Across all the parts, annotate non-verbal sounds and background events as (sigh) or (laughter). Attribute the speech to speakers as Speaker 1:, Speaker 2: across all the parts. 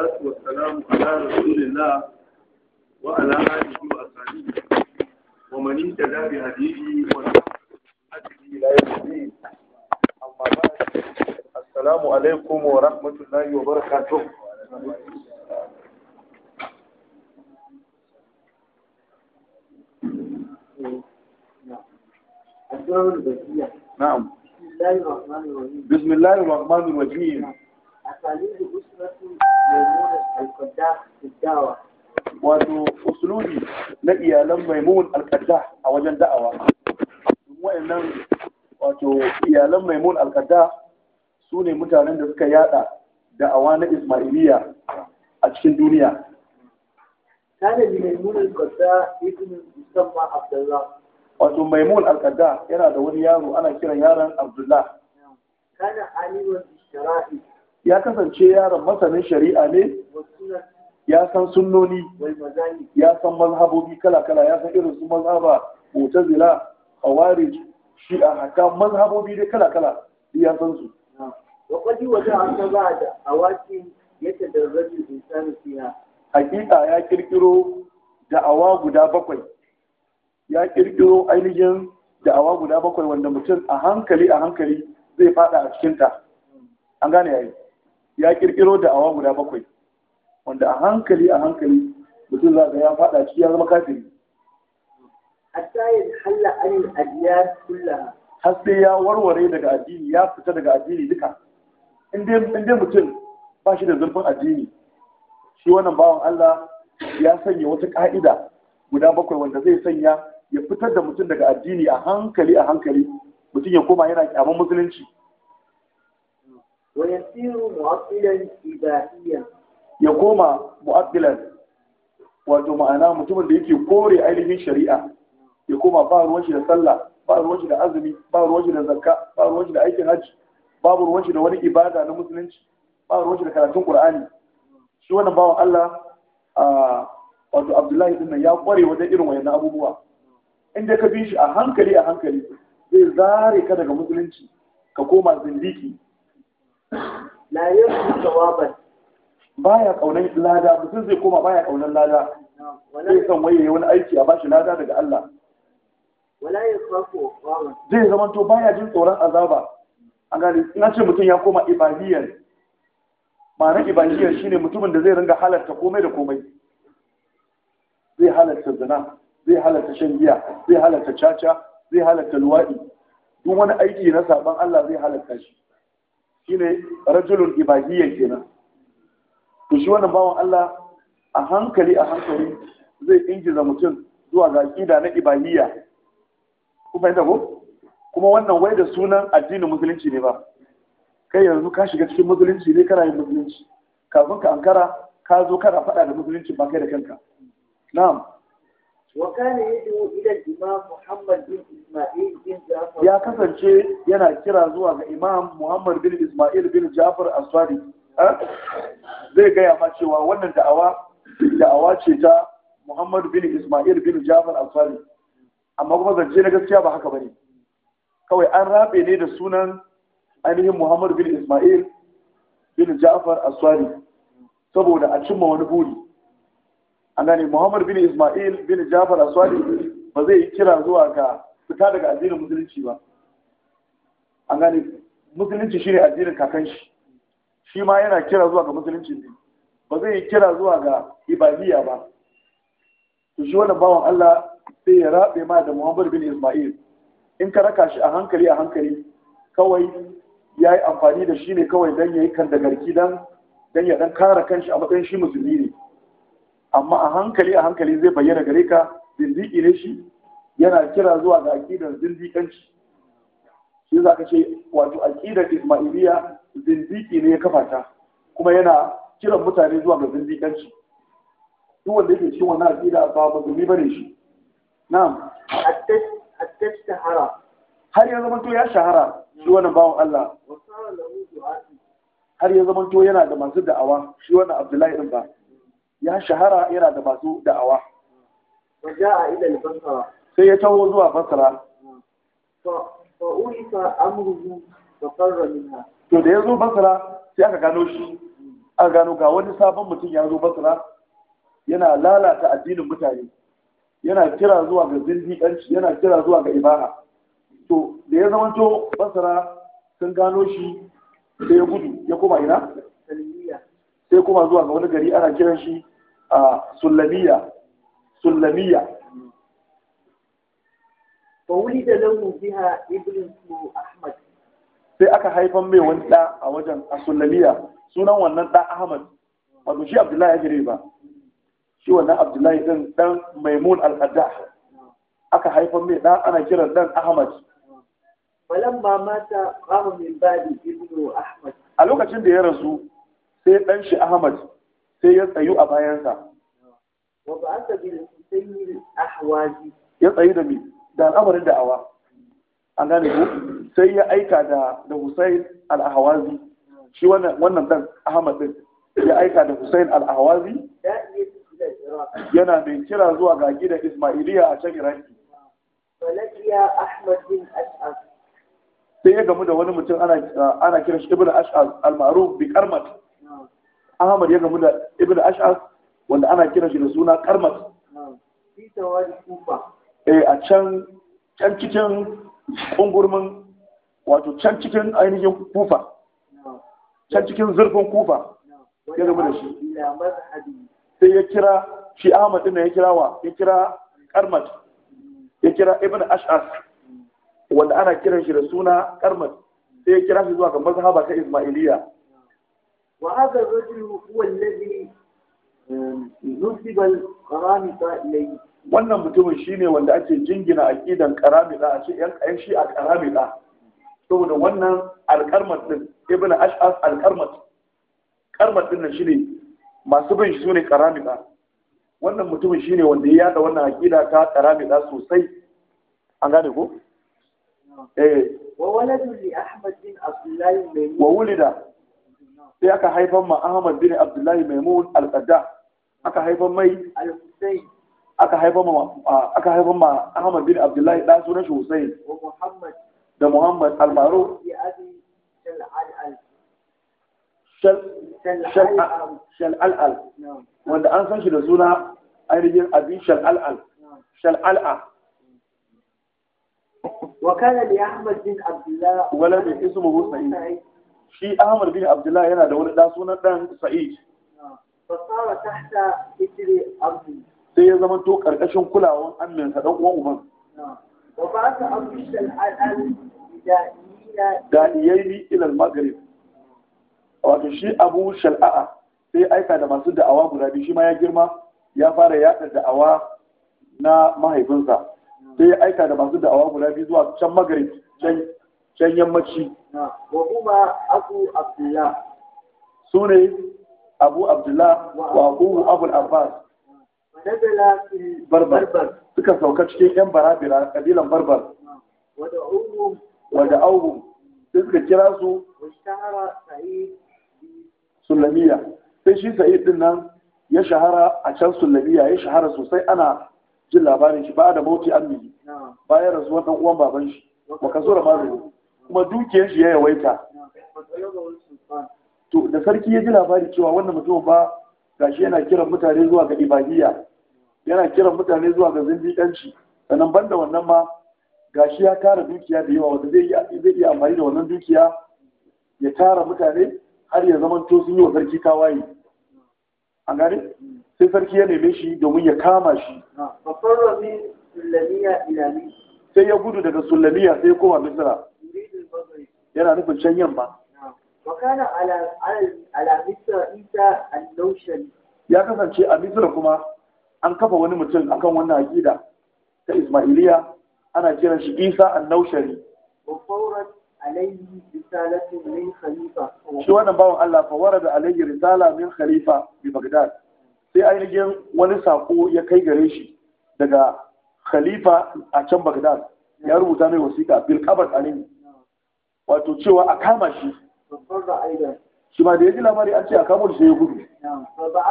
Speaker 1: والصلاة والسلام على رسول الله وعلى آله وأصحابه ومن اهتدى بهديه وسلم إلى يوم الدين السلام عليكم ورحمة الله وبركاته نعم
Speaker 2: بسم الله الرحمن الرحيم
Speaker 1: بسم الله الرحمن الرحيم maimun
Speaker 2: al-qaddah
Speaker 1: wato usulubi na iyalan maimun al-qaddah a wajen da'awa wa'annan wato iyalan maimun al-qaddah su ne mutanen da suka yada da'awa na ismailiya a cikin duniya kana maimun al-qaddah ibn musamma abdullah wato maimun al-qaddah yana da wani yaro ana kiran yaron abdullah
Speaker 2: kana alimun shara'i
Speaker 1: ya kasance yaron masanin shari'a ne ya san sunnoni ya san mazhabobi kala-kala ya san irin su mazhaba mutazila shi a haka mazhabobi dai kala-kala ya san su
Speaker 2: wa qadi wa ta'ala ba'da awaki yatadarraju
Speaker 1: insanu hakika ya kirkiro awa guda bakwai ya kirkiro ainihin da awa guda bakwai wanda mutum a hankali a hankali zai fada a cikinta an gane yayi ya kirkiro da awa guda bakwai wanda a hankali a hankali mutum za ga ya fada shi ya zama kafiri A ya halla anil ajiya kullaha har sai ya warware daga addini ya fita daga addini duka in dai mutum ba shi da zurfin addini shi wannan bawan Allah ya sanya wata ka'ida guda bakwai wanda zai sanya ya fitar da mutum daga addini a hankali a hankali mutum ya koma yana kyaman musulunci ويصير معطلا إباحيا يقوم معطلا wato ma'ana mutumin da yake kore ainihin shari'a ya koma ba ruwan shi da sallah ba ruwan shi da azumi ba ruwan shi da zakka ba ruwan shi da aikin hajji ba ruwan shi da wani ibada na musulunci ba ruwan shi da karatun qur'ani shi wannan bawan Allah a wato Abdullahi din ya kware wajen irin wayannan abubuwa in ka bi shi a hankali a hankali zai zare ka daga musulunci ka koma zindiki la yasu jawaban baya kaunan lada mutum zai koma baya kaunan lada zai san waye wani aiki a bashi lada daga Allah
Speaker 2: wala yakhafu
Speaker 1: zai zama to baya jin tsoron azaba an gani ina ce mutum ya koma ibadiyan ma'anar ibadiyan shine mutumin da zai ringa halarta komai da komai zai halarta zina zai halarta shan giya zai halarta caca zai halarta luwaɗi duk wani aiki na saban Allah zai halarta shi shine rajulun ibahiyya kenan to shi wannan bawan Allah a hankali a hankali zai ingiza mutum zuwa ga aqida na ibahiyya ku fahimta ko kuma wannan wai da sunan addinin musulunci ne ba kai yanzu ka shiga cikin musulunci ne kana yin musulunci kafin ka ankara ka zo kana faɗa da musulunci ba kai da kanka na'am
Speaker 2: وكان يدعو الى الإمام محمد بن اسماعيل بن جعفر يا كسر
Speaker 1: yana kira zuwa ga imam muhammad bin isma'il bin jafar aswadi zai gaya ma cewa wannan da'awa da'awa ce ta Muhammad bin Ismail bin Jafar aswadi amma kuma zance na gaskiya ba haka bane kawai an rabe ne da sunan ainihin Muhammad bin Ismail bin Jafar aswadi saboda a cimma wani buri an gane muhammad bin ismail bin jafar aswadi ba zai yi kira zuwa ga fita daga addinin musulunci ba an gani musulunci shi ne addinin kakan shi shi ma yana kira zuwa ga musulunci ne ba zai yi kira zuwa ga ibadiyya ba to shi wannan bawan Allah sai ya rabe ma da Muhammad bin Ismail in ka raka shi a hankali a hankali kawai ya yi amfani da shi ne kawai don ya yi kan da garki don ya dan kare kanshi a matsayin shi musulmi ne amma a hankali a hankali zai bayyana gare ka zindiki ne shi yana kira zuwa ga aqidar zindikanci shi za ka ce wato aqidar ismailiya zindiki ne ya kafa ta kuma yana kiran mutane zuwa ga zindikanci duk wanda yake cikin wannan aqida ba musulmi bane shi na'am at-tashtahara har ya zama to ya shahara shi wannan bawon Allah har ya zama to yana da masu da'awa shi wannan Abdullahi din ba ya shahara yana da masu da'awa sai ya taho zuwa basra to da ya zo basra sai aka gano shi aka gano ga wani sabon mutum ya zo basra yana lalata addinin mutane yana kira zuwa ga zindiƙanci yana kira zuwa ga ibada to da ya zamanto basra sun gano shi sai ya gudu ya koma ina sai kuma zuwa ga wani gari ana kiran shi sullamiya sullamiya فولد له بها ابن Ahmad. sai aka haifan mai wani ɗa a wajen a sulamiya sunan wannan ɗa ahmad wato shi abdullahi ajire ba shi wannan abdullahi ɗin ɗan maimun al-qadda aka haifan mai ɗa ana kiran ɗan ahmad
Speaker 2: falamma mata qamu min ba'di ibnu ahmad
Speaker 1: a lokacin da ya rasu sai ɗan shi ahmad sai ya tsayu a bayansa ya tsayu da mi da al'amarin da'awa an gane ku. sai ya aika da da Hussein al shi wannan ɗan Ahmad ɗin, ya aika da Hussein al yana mai kira zuwa ga gida Ismailiya a can Iraki sai ya gamu da wani mutum ana kira shi Ibn Ash'ab al-Ma'ruf bi Karmat Ahmad ya gamu da Ibn Ash'as wanda ana kira shi da suna Karmat eh, a can can cikin kungurmin wato can cikin ainihin kufa can cikin zurfin kufa ya gamu da shi sai ya kira shi Ahmad din ya kira wa ya kira Karmat mm. ya kira Ibn Ash'as mm. wanda ana kiran shi da suna Karmat sai ya kira shi zuwa ga mazhaba ta Ismailiyya
Speaker 2: وهذا الرجل هو الذي
Speaker 1: نسب القرامطة إليه wannan mutumin shine wanda ake jingina aqidan karamida a ce yan ayan shi a karamida saboda wannan alkarmat din ibnu ash'as alkarmat karmat din nan shine masu bin shi sune karamida wannan mutumin shine wanda ya yada wannan aqida ta karamida sosai an gane ko
Speaker 2: eh wa waladu li ahmad bin abdullah
Speaker 1: wa wulida sai aka haifan ma Ahmad bin Abdullahi Maimun al-Qadda aka haifan mai al-Husayn aka haifan ma aka haifan ma Ahmad bin Abdullahi dan sunan shi Husayn da Muhammad al-Maruf ya shal al-al wanda an san shi da suna ainihin abin al shal'al'a وكان لأحمد بن عبد الله ولد اسمه سعيد shi Ahmad bin Abdullah yana da wani ɗan sunan ɗan Sa'id
Speaker 2: fasara tahta hijri abdi
Speaker 1: sai ya zama to ƙarƙashin kulawan ammin sa uwan uban
Speaker 2: wa ba ta abu al'al da
Speaker 1: iyayi ila ilal maghrib wato shi Abu Shal'a sai aika da masu da'awa guda biyu shi ma ya girma ya fara yaɗa da'awa na mahaifinsa sai ya aika da masu da'awa guda biyu zuwa can magrib can yammaci wa kuma abu abdullah su ne abu abdullah wa abu abu abbas barbar suka sauka cikin yan barabira kabilan barbar wadda auhum sai kira su sulamiya sai shi sa'id din nan ya shahara a can sulamiya ya shahara sosai ana jin labarin shi ba da mauti an bayan rasuwar dan uwan baban shi wa kasura mazuni kuma dukiyar shi ya yawaita to da sarki ya ji labari cewa wannan mutum ba gashi yana kiran mutane zuwa ga ibadiyya yana kiran mutane zuwa ga zindiƙanci sannan banda wannan ma gashi ya tara dukiya da yawa wanda zai iya amfani da wannan dukiya ya tara mutane har ya zama to sun yi wa sarki tawaye an gane sai sarki ya neme shi domin ya kama shi sai ya gudu daga sulamiya sai ya koma misra yana nufin can yamma
Speaker 2: ya kasance
Speaker 1: a misra kuma an kafa wani mutum akan wannan aƙida ta ismailiya ana kiran shi isa annaushari shi wannan bawan allah fawara da alayhi risala min khalifa bi bagdad sai ainihin wani sako ya kai gare shi daga khalifa a can bagdad ya rubuta mai wasiƙa bil qabad wato cewa a kama shi shi ma da ya ji labari an ce a kamar shi ya gudu saboda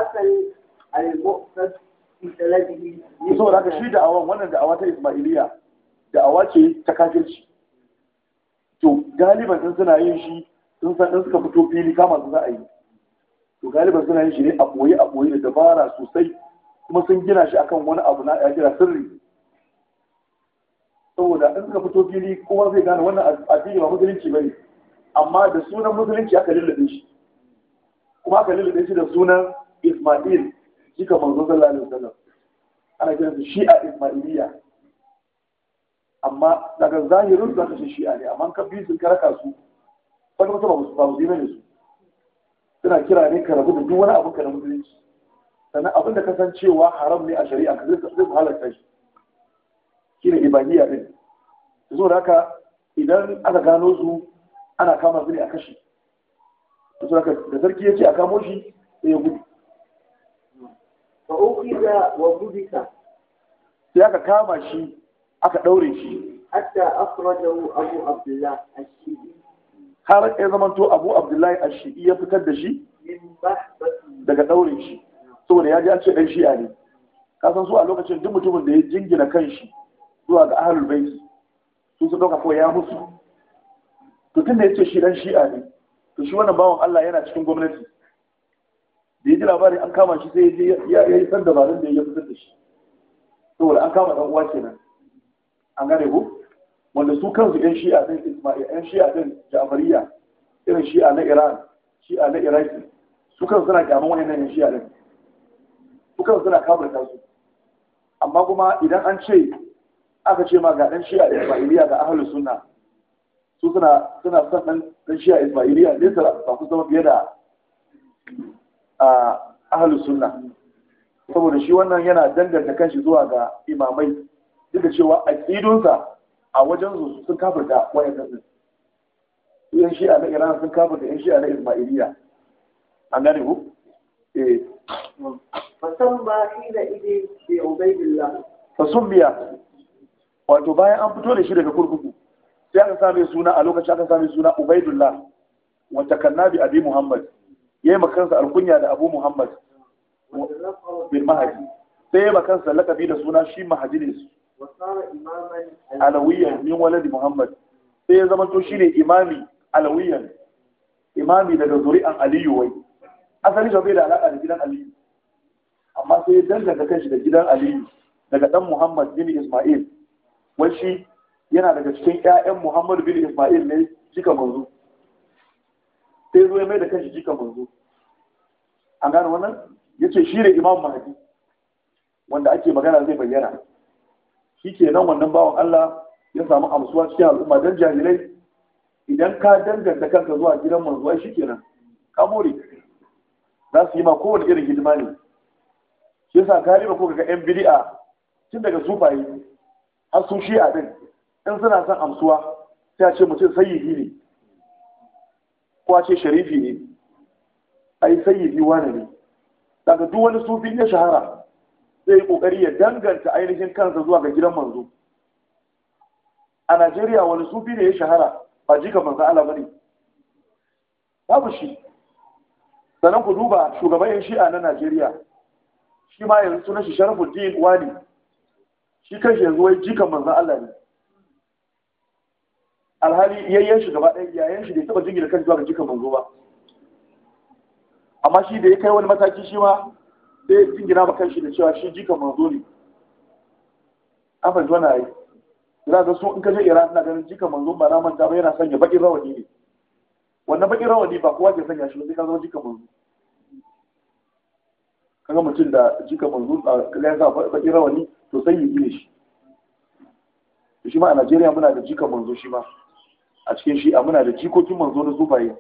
Speaker 1: haka shi da'awan wannan da'awa ta ismailiya da'awa ce ta kafirci to galiban sun suna yin shi sun san in suka fito fili kama su za a yi to galiban suna yin shi ne a ɓoye a ɓoye da dabara sosai kuma sun gina shi akan wani abu na ya kira sirri saboda in suka fito fili kowa zai gane wannan addini ba musulunci ba ne amma da sunan musulunci aka lullube shi kuma aka lullube shi da sunan ismail jika manzo sallallahu alaihi wasallam ana kiran su shi'a ismailiyya amma daga zahirin za ka shi'a ne amma ka bi su karaka su wani mutum ba musulmi ne su suna kira ne ka rabu da duk wani abu ka na musulunci sannan abin da kasancewa haram ne a shari'a ka zai halatta shi shi ne ibadiyya din zo da haka idan aka gano su ana kama su ne a kashi da su haka da sarki ya ce a kamo shi sai ya gudu fa
Speaker 2: ukhiza wa gudika
Speaker 1: sai aka kama shi aka daure shi hatta akhrajahu abu abdullah ash shibi har ya zamanto abu abdullahi ash-shi'i ya fitar da shi daga daure shi saboda ya ji an ce dan shi'a ne kasan su a lokacin duk mutumin da ya jingina kan shi. zuwa ga ahalul baiti su su ɗauka ko ya musu to ya ce shi dan shi'a ne to shi wannan bawan Allah yana cikin gwamnati da ya ji labari an kama shi sai ya yi san dabarun da ya fitar da shi saboda an kama ɗan uwa kenan an gane ko wanda su kansu yan shi'a din Isma'il yan shi'a din Ja'fariya irin shi'a na Iran shi'a na Iraki su kansu suna wani nan yan shi'a din su kansu suna kafirta su amma kuma idan an ce aka ce ma ga dan shi'a ismailiya da ahlus suna su suna suna son dan dan shi'a ismailiya ne ba su zama fiye da a suna saboda shi wannan yana danganta kanshi zuwa ga imamai duk da cewa aqidunsa a wajen su sun kafirta wayannan din yan a na Iran sun kafirta yan shi'a na Ismailiya an gane ku eh
Speaker 2: fasan ba da ide bi ubaidillah
Speaker 1: fasun wato bayan an fito da shi daga kurkuku sai aka same suna a lokacin aka same suna ubaidullah wa takanna bi abi muhammad yayi makansa alkunya da abu muhammad bin mahadi sai yayi makansa lakabi da suna shi mahadi ne
Speaker 2: alawiyan min
Speaker 1: waladi muhammad sai ya zama to shine imami alawiyan imami daga zuri'an aliyu wai asali shi bai da alaka da gidan aliyu amma sai ya danganta kanshi da gidan aliyu daga dan muhammad bin isma'il wai yana daga cikin 'ya'yan Muhammadu bin Isma'il ne jika manzo sai zo ya mai da kanshi jika manzo an gane wannan yace shi ne Imam Mahdi wanda ake magana zai bayyana shi ke nan wannan bawan Allah ya samu amsuwa cikin al'umma don jahilai idan ka danganta kanka zuwa gidan manzuwa shi ke nan ka more za su yi ma kowane irin hidima ne shi yasa ka ba ko ga yan bidi'a tun daga sufaye har sun shi in suna son amsuwa sai a ce mutum biyu ne ko a ce sharifi ne ai biyu wani ne daga duk wani sufi ya shahara zai yi kokari ya danganta ainihin kansa zuwa ga gidan manzo a Najeriya wani sufi ne ya shahara ba jika manzo ala bane babu shi sannan ku duba shugaban shi'a na Najeriya shi ma yanzu sunan shi Sharafuddin Wani shi kanshi yanzu wai jikan manzan Allah ne alhali yayyen shi gaba ɗaya yayan shi da ya taɓa jingina kan zuwa ga jikan manzo ba amma shi da ya kai wani mataki shi ma sai jingina ma kanshi da cewa shi jikan manzo ne an fahimci wani ayi za ka su in ka je Iran ina ganin jikan manzo ba na manta ba yana sanya baƙin rawani ne wannan baƙin rawani ba kowa ke sanya shi ba sai ka zama jikan manzo kaga mutum da jika manzo a kaga ya sa baƙin rawani to sai yi ne shi shi ma a Najeriya muna da jikan manzo shi ma a cikin shi a muna da jikokin manzo na zubaye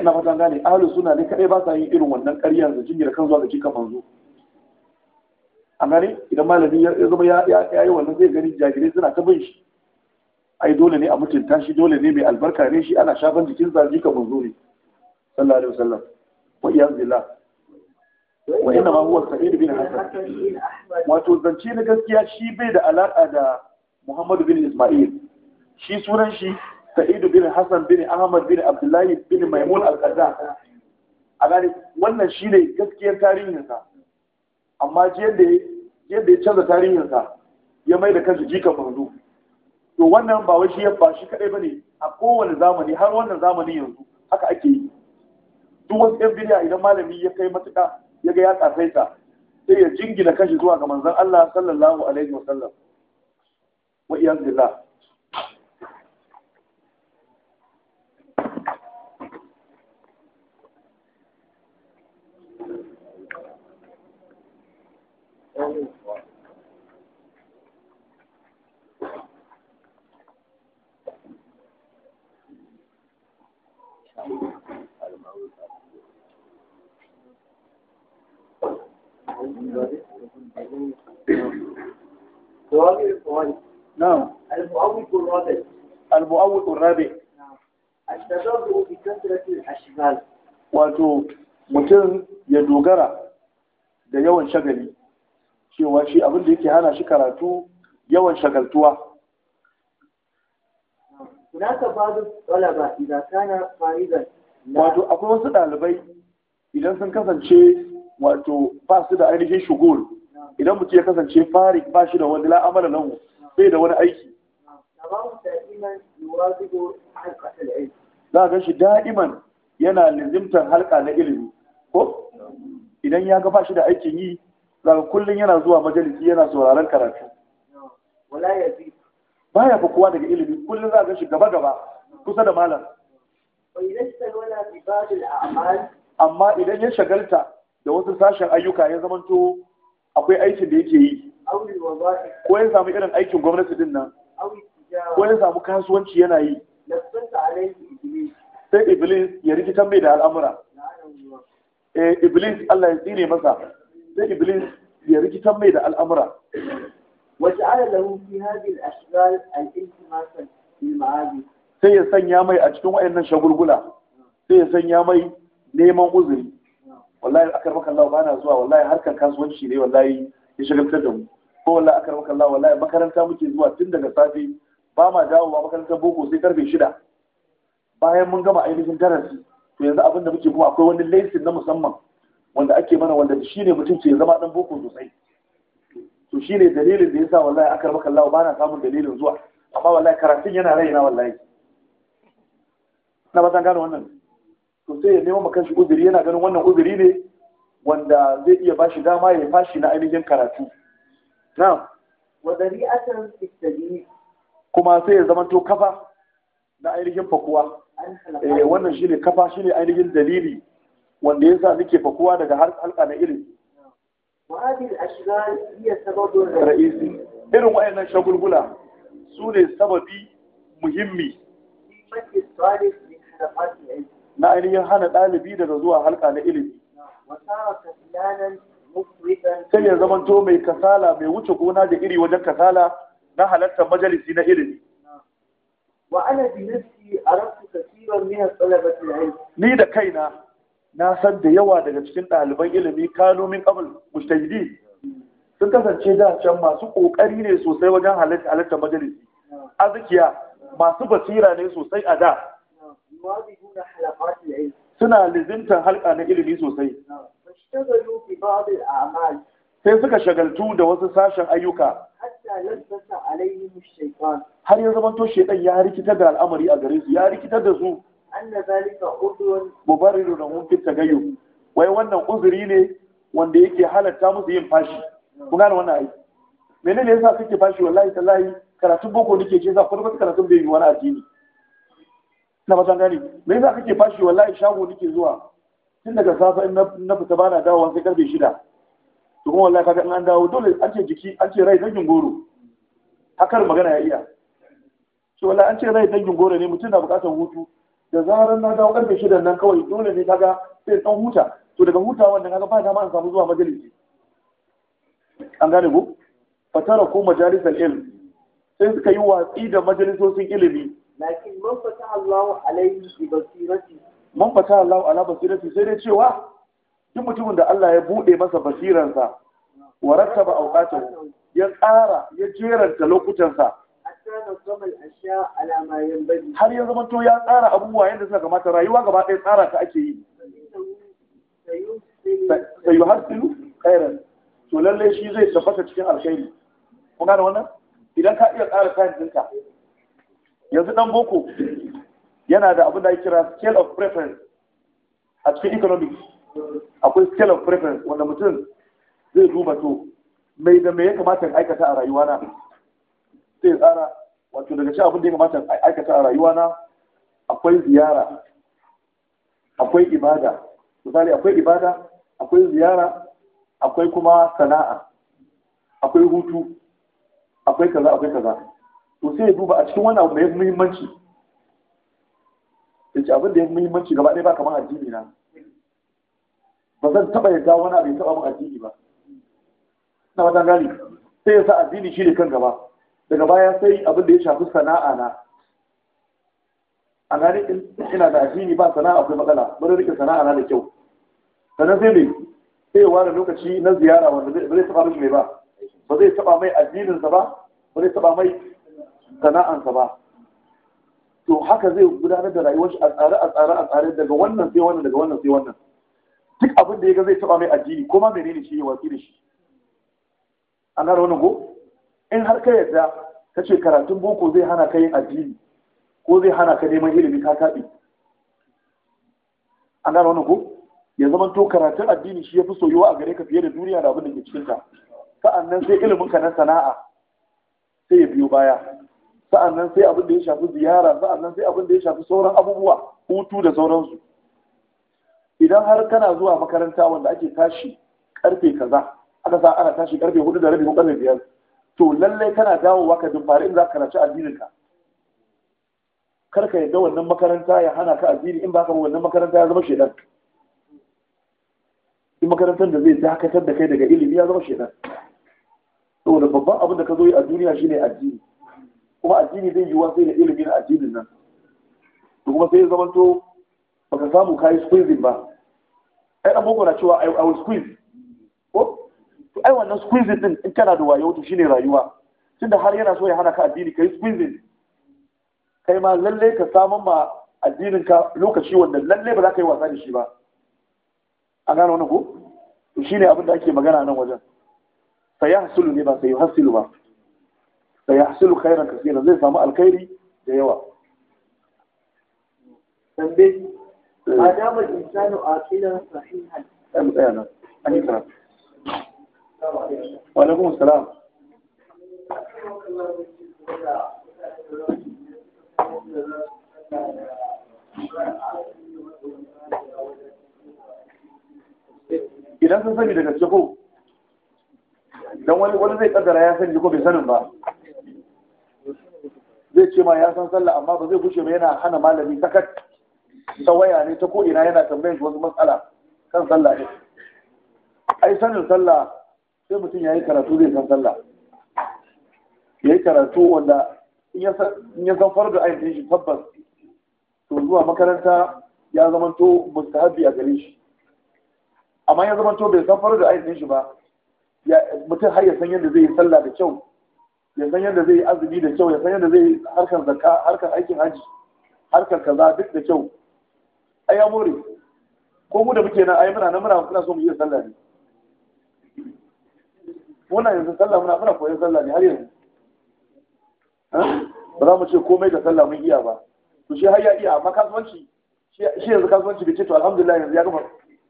Speaker 1: ina fatan gane ahlus suna ne kadai ba sa yin irin wannan karyar da jinyar kan zuwa ga jikan manzo a gane idan malami ya zama ya yi wannan zai gani jagirai suna ta bin shi ai dole ne a mutunta shi dole ne mai albarka ne shi ana shafan jikin sa jikan manzo ne sallallahu alaihi wasallam wa iyaz wa inna ma huwa sa'id bin hasan wato zance na gaskiya shi bai da alaka da muhammad bin isma'il shi sunan shi sa'id bin hasan bin ahmad bin abdullahi bin maimun al-qadda a gane wannan shi ne gaskiyar tarihinsa amma yadda ya canza tarihinsa ya mai da kansa jikan manzo to wannan ba wai shi ya ba shi kadai bane a kowane zamani har wannan zamani yanzu haka ake yi duk wasu yan bidiya idan malami ya kai matuƙa ya ga ya ta sai ya jingina kashi zuwa ga manzan Allah sallallahu alaihi wasallam wa iyaz billah
Speaker 2: Thank you. نعم المؤوق الرابع المؤوق الرابع
Speaker 1: التضرع بكثرة الأشغال wato mutum ya dogara da yawan shagali cewa shi abin da yake hana shi karatu yawan shagaltuwa wato akwai wasu ɗalibai idan sun kasance wato ba su da ainihin shugul idan mutum ya kasance farik ba shi da wani la'amala nan bai da wani aiki za a gan shi da'iman yana lizimtar halka na ilimi ko idan ya ga ba shi da aikin yi za kullum yana zuwa majalisi yana sauraron karatu baya fa kowa daga ilimi kullum za a gan shi gaba gaba kusa da malam amma idan ya shagalta da wasu sashen ayyuka ya zamanto akwai aikin da yake yi ko ya samu irin aikin gwamnati din nan ko ya samu kasuwanci yana yi sai iblis ya rikitan mai da al'amura eh iblis Allah ya tsine masa sai iblis ya rikitan mai da al'amura
Speaker 2: Wace وجعل له في هذه الأشغال الالتماس للمعاذ
Speaker 1: sai ya sanya mai a cikin wayannan shagulgula sai ya sanya mai neman uzuri wallahi akar maka Allah bana zuwa wallahi harkar kasuwanci ne wallahi ya shagaltar da mu ko wallahi akar maka Allah wallahi makaranta muke zuwa tun daga safe ba ma dawowa makarantar boko sai karfe shida bayan mun gama ainihin darasi to yanzu abin da muke kuma akwai wani laifin na musamman wanda ake mana wanda shi ne mutum ce zama dan boko sosai to shi ne dalilin da yasa wallahi akar maka Allah bana samun dalilin zuwa amma wallahi karatun yana raina wallahi na ba gano wannan to sai ya nemo ma kanshi uzuri yana ganin wannan uzuri ne wanda zai iya bashi dama ya fashi na ainihin karatu na'am wa dari'atan fi kuma sai ya zama to kafa na ainihin fakuwa eh wannan shine kafa shine ainihin dalili wanda yasa nake fakuwa daga halka na ilimi ra'isi irin wayannan shagulgula su ne sababi muhimmi na ainihin hana ɗalibi daga zuwa halka na ilimi sai ya to mai kasala mai wuce gona da iri wajen kasala na halartar majalisi na ilimi
Speaker 2: wa ana bi nafsi
Speaker 1: arabtu kaseeran min talabati al-ilm ni da kaina na san da yawa daga cikin ɗaliban ilimi kalumin min qabl mujtahidi sun kasance da can masu ƙoƙari ne sosai wajen halartar majalisi azikiya masu basira ne sosai a da suna lizintar halka na ilimi sosai sai suka shagaltu da wasu sashen ayyuka har ya zama shaidan ya rikitar da al'amari a gare su ya rikitar da su Bubari da mun fita tagayyu wai wannan uzuri ne wanda yake halatta musu yin fashi kun gane wannan aiki menene yasa suke fashi wallahi tallahi karatun boko nake ce sa kuma karatun bai yi wani addini na ba gani me yasa kake fashi wallahi shago nake zuwa tun daga safa in na fita bana dawowa sai karfe shida to kuma wallahi kaga in an dawo dole an ce jiki an ce rai dangin goro hakar magana ya iya to wallahi an ce rai dangin goro ne mutum na bukatar hutu da zarar na dawo karfe shida nan kawai dole ne kaga sai dan huta to daga huta wannan kaga ba dama an samu zuwa majalisi an gane ko fatara ko majalisal ilm sai suka yi watsi da majalisosin ilimi lakin man fata Allah alaihi basirati man fata Allah ala basirati sai dai cewa duk mutumin da Allah ya bude masa basiransa wa rattaba awqatahu ya tsara ya jeranta lokutansa har ya zama to ya tsara abubuwa yadda suka kamata rayuwa gaba ɗaya tsara ta ake yi sai yi hasilu kairan to lallai shi zai tabbata cikin alkhairi kun gane wannan idan ka iya tsara kayan ɗinka yanzu dan boko yana da abin da ake kira scale of preference a cikin economics akwai scale of preference wanda mutum zai duba to mai da mai ya kamata in aikata a rayuwa na sai tsara wato daga cikin abin da ya kamata in aikata a rayuwa na akwai ziyara akwai ibada misali akwai ibada akwai ziyara akwai kuma sana'a akwai hutu akwai kaza akwai kaza to sai ya duba a cikin wannan mai muhimmanci ya ce abin da ya muhimmanci gaba ɗaya ba kamar addini na ba zan taɓa yadda wani abu ya taɓa min addini ba na wajen gani sai ya sa addini shi ne kan gaba daga baya sai abin da ya shafi sana'a na a gani ina da addini ba sana'a akwai matsala bari rike sana'a na da kyau sannan sai mai sai ya ware lokaci na ziyara wanda ba zai taɓa mai ba ba zai taɓa mai addininsa ba ba zai taɓa mai sana'ansa ba to haka zai gudanar da rayuwar shi a tsare a tsare a tsare daga wannan sai wannan daga wannan sai wannan duk abin da ga zai taba mai addini ko ma menene shi ya watsi da shi an gara wannan ko in har ka yadda ka ce karatun boko zai hana ka yin addini ko zai hana ka neman ilimi ka taɓe an gara wannan ko ya zama to karatun addini shi ya fi soyuwa a gare ka fiye da duniya da abin da ke cikinta ta sa'annan sai ilimin ka na sana'a sai ya biyo baya sa'annan sai abin da ya shafi ziyara sa'annan sai abin da ya shafi sauran abubuwa hutu da sauransu idan har kana zuwa makaranta wanda ake tashi karfe kaza aka sa ana tashi karfe hudu da rabi ko karfe biyar to lallai kana dawowa ka dumfari in za ka karanci addinin ka kar ka yadda wannan makaranta ya hana ka addini in ba ka wannan makaranta ya zama shedan in makarantar da zai dakatar da kai daga ilimi ya zama shedan saboda babban abin da ka zo yi a duniya shine addini kuma addini zai yiwuwa sai da ilimin addinin nan to kuma sai ya zama to baka samu kai squeeze ba ai an na cewa i will squeeze ko to ai wannan squeeze din in kana da wayo to shine rayuwa tunda har yana so ya hana ka addini kai squeeze kai ma lalle ka samun ma addinin ka lokaci wanda lalle ba za ka yi wasa da shi ba A gano wani ko to shine abin da ake magana nan wajen sayahsulu ne ba sayuhsilu ba فيحصل خيرا كثيرا زي سماء الخيري زي هو
Speaker 2: ما دام الانسان اكلا صحيحا
Speaker 1: وعليكم السلام اذا في لك الشخو لو ولا زي قدر يا سيدي يكون بيسلم بقى zai ce ma ya san sallah amma ba zai gushe ba yana hana malami sakat ta waya ne ta ko'ina yana tambayin wasu matsala kan sallah ne ai sanin sallah sai mutum ya yi karatu zai san sallah ya yi karatu wanda in ya san fardu ainihin shi tabbas to zuwa makaranta ya zamanto mustahabi a gare shi amma ya zamanto bai san fardu ainihin shi ba mutum har ya san yadda zai yi sallah da kyau ya san yadda zai yi azumi da kyau ya san yadda zai yi harkar zakka harkar aikin haji harkar kaza duk da kyau ai ya more ko mu da muke nan ai muna nan muna kuna so mu yi sallah ne muna yanzu sallah muna muna koyon sallah ne har yanzu ba za mu ce komai da sallah mun iya ba to shi har ya iya amma kasuwanci shi yanzu kasuwanci bai ce to alhamdulillah yanzu ya gama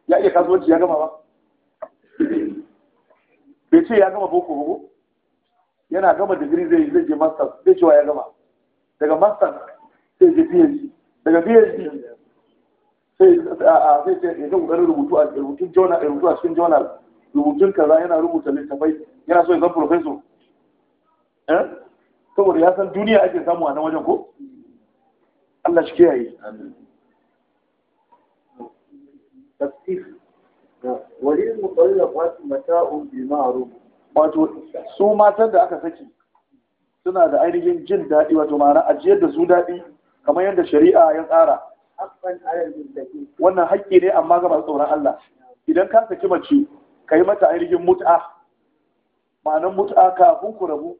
Speaker 1: ya iya kasuwanci ya gama ba bai ce ya gama boko ba yana gama digiri zai zai je masters zai cewa ya gama daga masters sai je phd daga phd sai a sai sai ya ga kokarin rubutu a rubutun journal rubutu a cikin journal rubutun kaza yana rubuta littafai yana so ya zama professor eh saboda ya san duniya ake samu a nan wajen ko Allah shi kiyaye tafsir walil mutallaqat mata'un bil ma'ruf wato su matan da aka saki suna da ainihin jin daɗi wato ma'ana ajiyar da su daɗi kamar yadda shari'a ya tsara wannan haƙƙi ne amma ga masu tsoron Allah idan ka saki mace ka yi mata ainihin mut'a ma'anan mut'a kafin ku rabu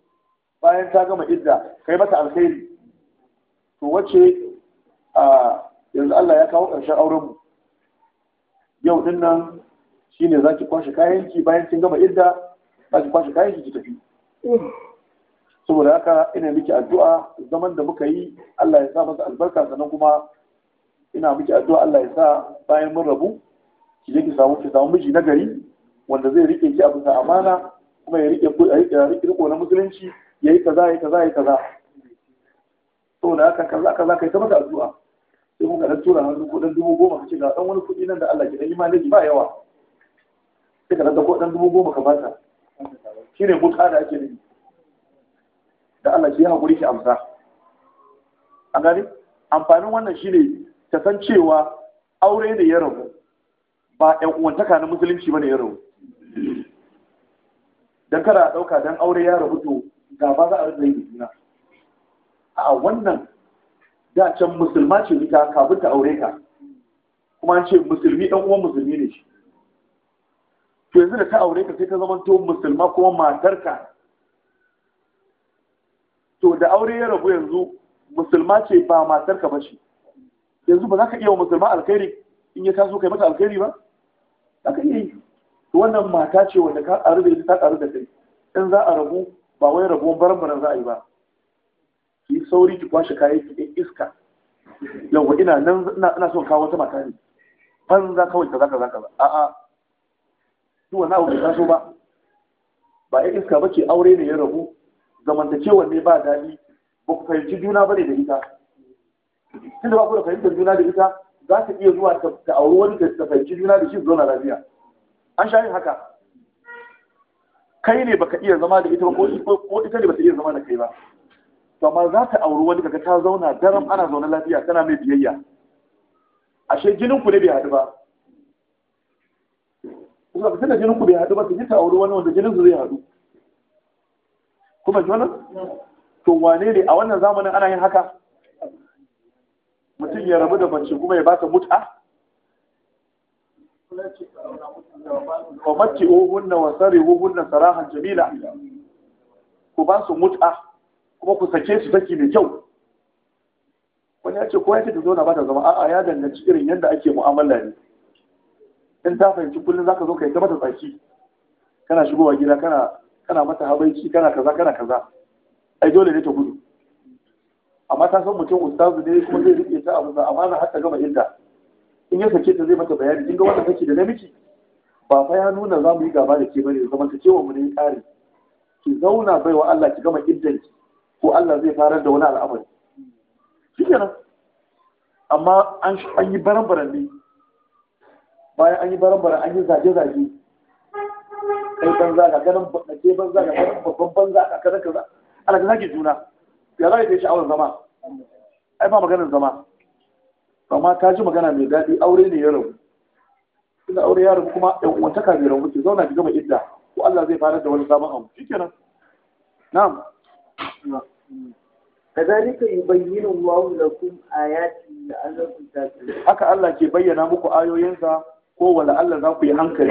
Speaker 1: bayan ta gama idda ka yi mata alkhairi to wacce a yanzu Allah ya kawo ƙarshen aurenmu yau din nan shine zaki kwashe kayanki bayan kin gama idda za ki kwashe kayan ki tafi saboda haka ina miki addu'a zaman da muka yi Allah ya sa masa albarka sannan kuma ina miki addu'a Allah ya sa bayan mun rabu ki je ki samu ki samu miji nagari wanda zai rike ki a bisa amana kuma ya rike ku ya rike riko na musulunci yayi kaza yayi kaza yayi kaza saboda haka kaza kaza kai ta masa addu'a sai muka dan tura hannu ko dan dubu goma kace ga dan wani kuɗi nan da Allah yi ma imani ba yawa sai ka dan ko dan dubu goma ka bata shi ne buka da ake nufi da Allah shi haƙuri ki amsa a gani amfanin wannan shi ne ta san cewa aure ne ya rabu ba ƴan uwantaka na musulunci ba ne ya rabu dan kada a ɗauka dan aure ya rabu to ga ba za a rinka yi juna a wannan da can musulma ce ita kafin ta aure ka kuma an ce musulmi ɗan uwan musulmi ne shi to yanzu da ta aure ka sai ta zama to musulma kuma matarka to da aure ya rabu yanzu musulma ce ba matarka ba ce yanzu ba za ka iya wa musulma alkhairi in ya taso kai mata alkhairi ba za ka iya yi to wannan mata ce wanda ka ƙaru da ita ta ƙaru da kai in za a rabu ba wai rabuwan barbaran za a yi ba ki sauri ki kwashe kayan ki iska Yau, ina nan ina son kawo wata mata ne ban za kawai ka za ka za ka a'a su wannan abu bai taso ba ba ya iska ba ke aure ne ya rabu zamantakewar ne ba daɗi ba ku fahimci juna ba ne da ita tunda ba ku da fahimtar juna da ita za ta iya zuwa ta auri wani ta fahimci juna da shi zauna lafiya an sha yin haka kai ne baka iya zama da ita ba ko ita ne baka iya zama da kai ba to amma za ta auri wani kaga ta zauna daram ana zaune lafiya tana mai biyayya ashe jinin ku ne bai haɗu ba kuma ba tunda jinin ku bai haɗu ba su jita ta auri wani wanda jinin su zai haɗu kuma ji wannan to wane ne a wannan zamanin ana yin haka mutum ya rabu da mace kuma ya bata mut'a wa mati ohunna wa sari ohunna sarahan jamila ku ba su mut'a kuma ku sake su saki mai kyau wani ya ce ko ya ce ta zo na ba ta zama a'a ya danganci irin yadda ake mu'amala ne in ta fahimci kullum zaka zo ka yi ta mata tsaki kana shigowa gida kana kana mata habaici kana kaza kana kaza ai dole ne ta gudu amma ta san mutum ustazu ne kuma zai rike ta abu da amana har ta gama inda. in ya sake ta zai mata bayani kin ga wannan kake da namiji ba fa ya nuna za mu yi gaba da ke bane zaman ta cewa mu ne kare ki zauna bai wa Allah ki gama iddan ki ko Allah zai farar da wani al'amari shikenan amma an yi baran ne bayan an yi barambara an yi zage-zage kai banza ga ganin ke banza ga ganin babban banza ga kaza kaza ana ga zage juna ya zai ka yi sha'awar zama ai ba maganar zama amma ta ji magana mai daɗi aure ne ya rabu ina aure ya rabu kuma ɗan uwantaka mai rabu ce zauna ki gama idda ko Allah zai fara da wani sabon abu shikenan na'am كذلك yubayyinu Allahu lakum ayati la'allakum تهتدون haka Allah ke bayyana muku ayoyinsa ko wala Allah za ku yi hankali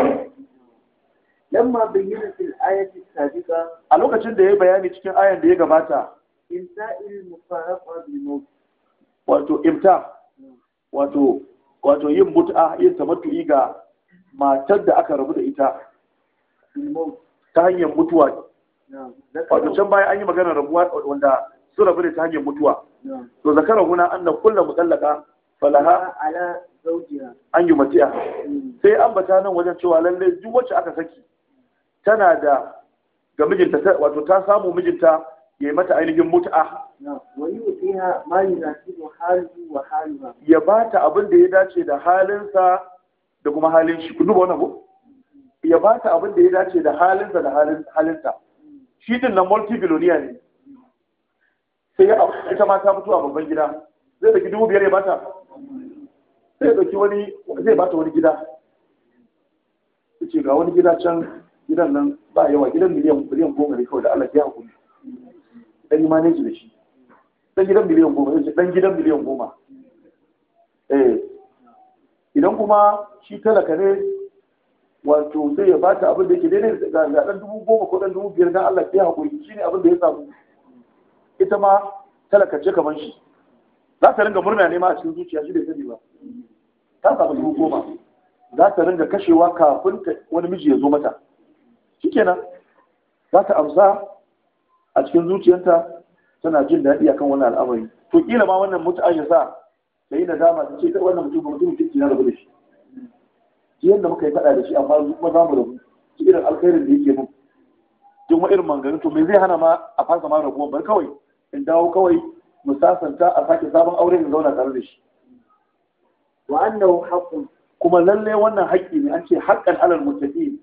Speaker 1: lamma bayyana fil ayati sabiqa a lokacin da ya bayani cikin ayan da ya gabata
Speaker 2: imta'il mufaraqa bil
Speaker 1: wato imta wato wato yin mut'a yin tamattu'i ga matar da aka rabu da ita ta hanyar mutuwa wato can baya an yi magana rabuwa wanda su rabu ne ta hanyar mutuwa to zakara huna anna kullu mutallaka falaha ala an yi mati'a mm. sai an bata nan wajen cewa lalle duk wacce aka saki tana da ga mijinta wato ta samu mijinta ya yi mata ainihin mut'a ya ba ta abin da ya dace da halinsa da kuma halin shi kun duba wannan ko mm. ya ba ta abin da ya dace da halinsa da halinsa mm. shi din na multi billionaire ne sai ya ita ma ta fito a babban gida zai daki dubu biyar ya bata sai ya ɗauki wani zai bata wani gida su ce ga wani gida can gidan nan ba yawa gidan miliyan miliyan goma ne kawai da Allah ya hakuri dan yi maneji da shi dan gidan miliyan goma yace dan gidan miliyan goma eh idan kuma shi talaka ne wato sai ya bata abin da yake daidai ga ga dan dubu goma ko dan dubu biyar dan Allah ya shi shine abin da ya samu ita ma talaka ce kaman shi za ta ringa murna ne ma a cikin zuciya shi bai sani ba ta samu dubu goma za ta ringa kashewa kafin wani miji ya zo mata shikenan za ta amsa a cikin zuciyarta tana jin daɗi akan wannan al'amari to kila ma wannan mutu ya sa da yi nadama ta ce ta wannan mutum ba mutum kirki na rabu da shi yadda muka yi faɗa da shi amma kuma za mu rabu shi irin alkhairin da yake mun duk ma irin manganin to me zai hana ma a fasa ma rabuwan bar kawai in dawo kawai mu sasanta a sake sabon aure mu zauna tare da shi wa annahu kuma lalle wannan haƙƙi ne an ce haqqan alal muttaqin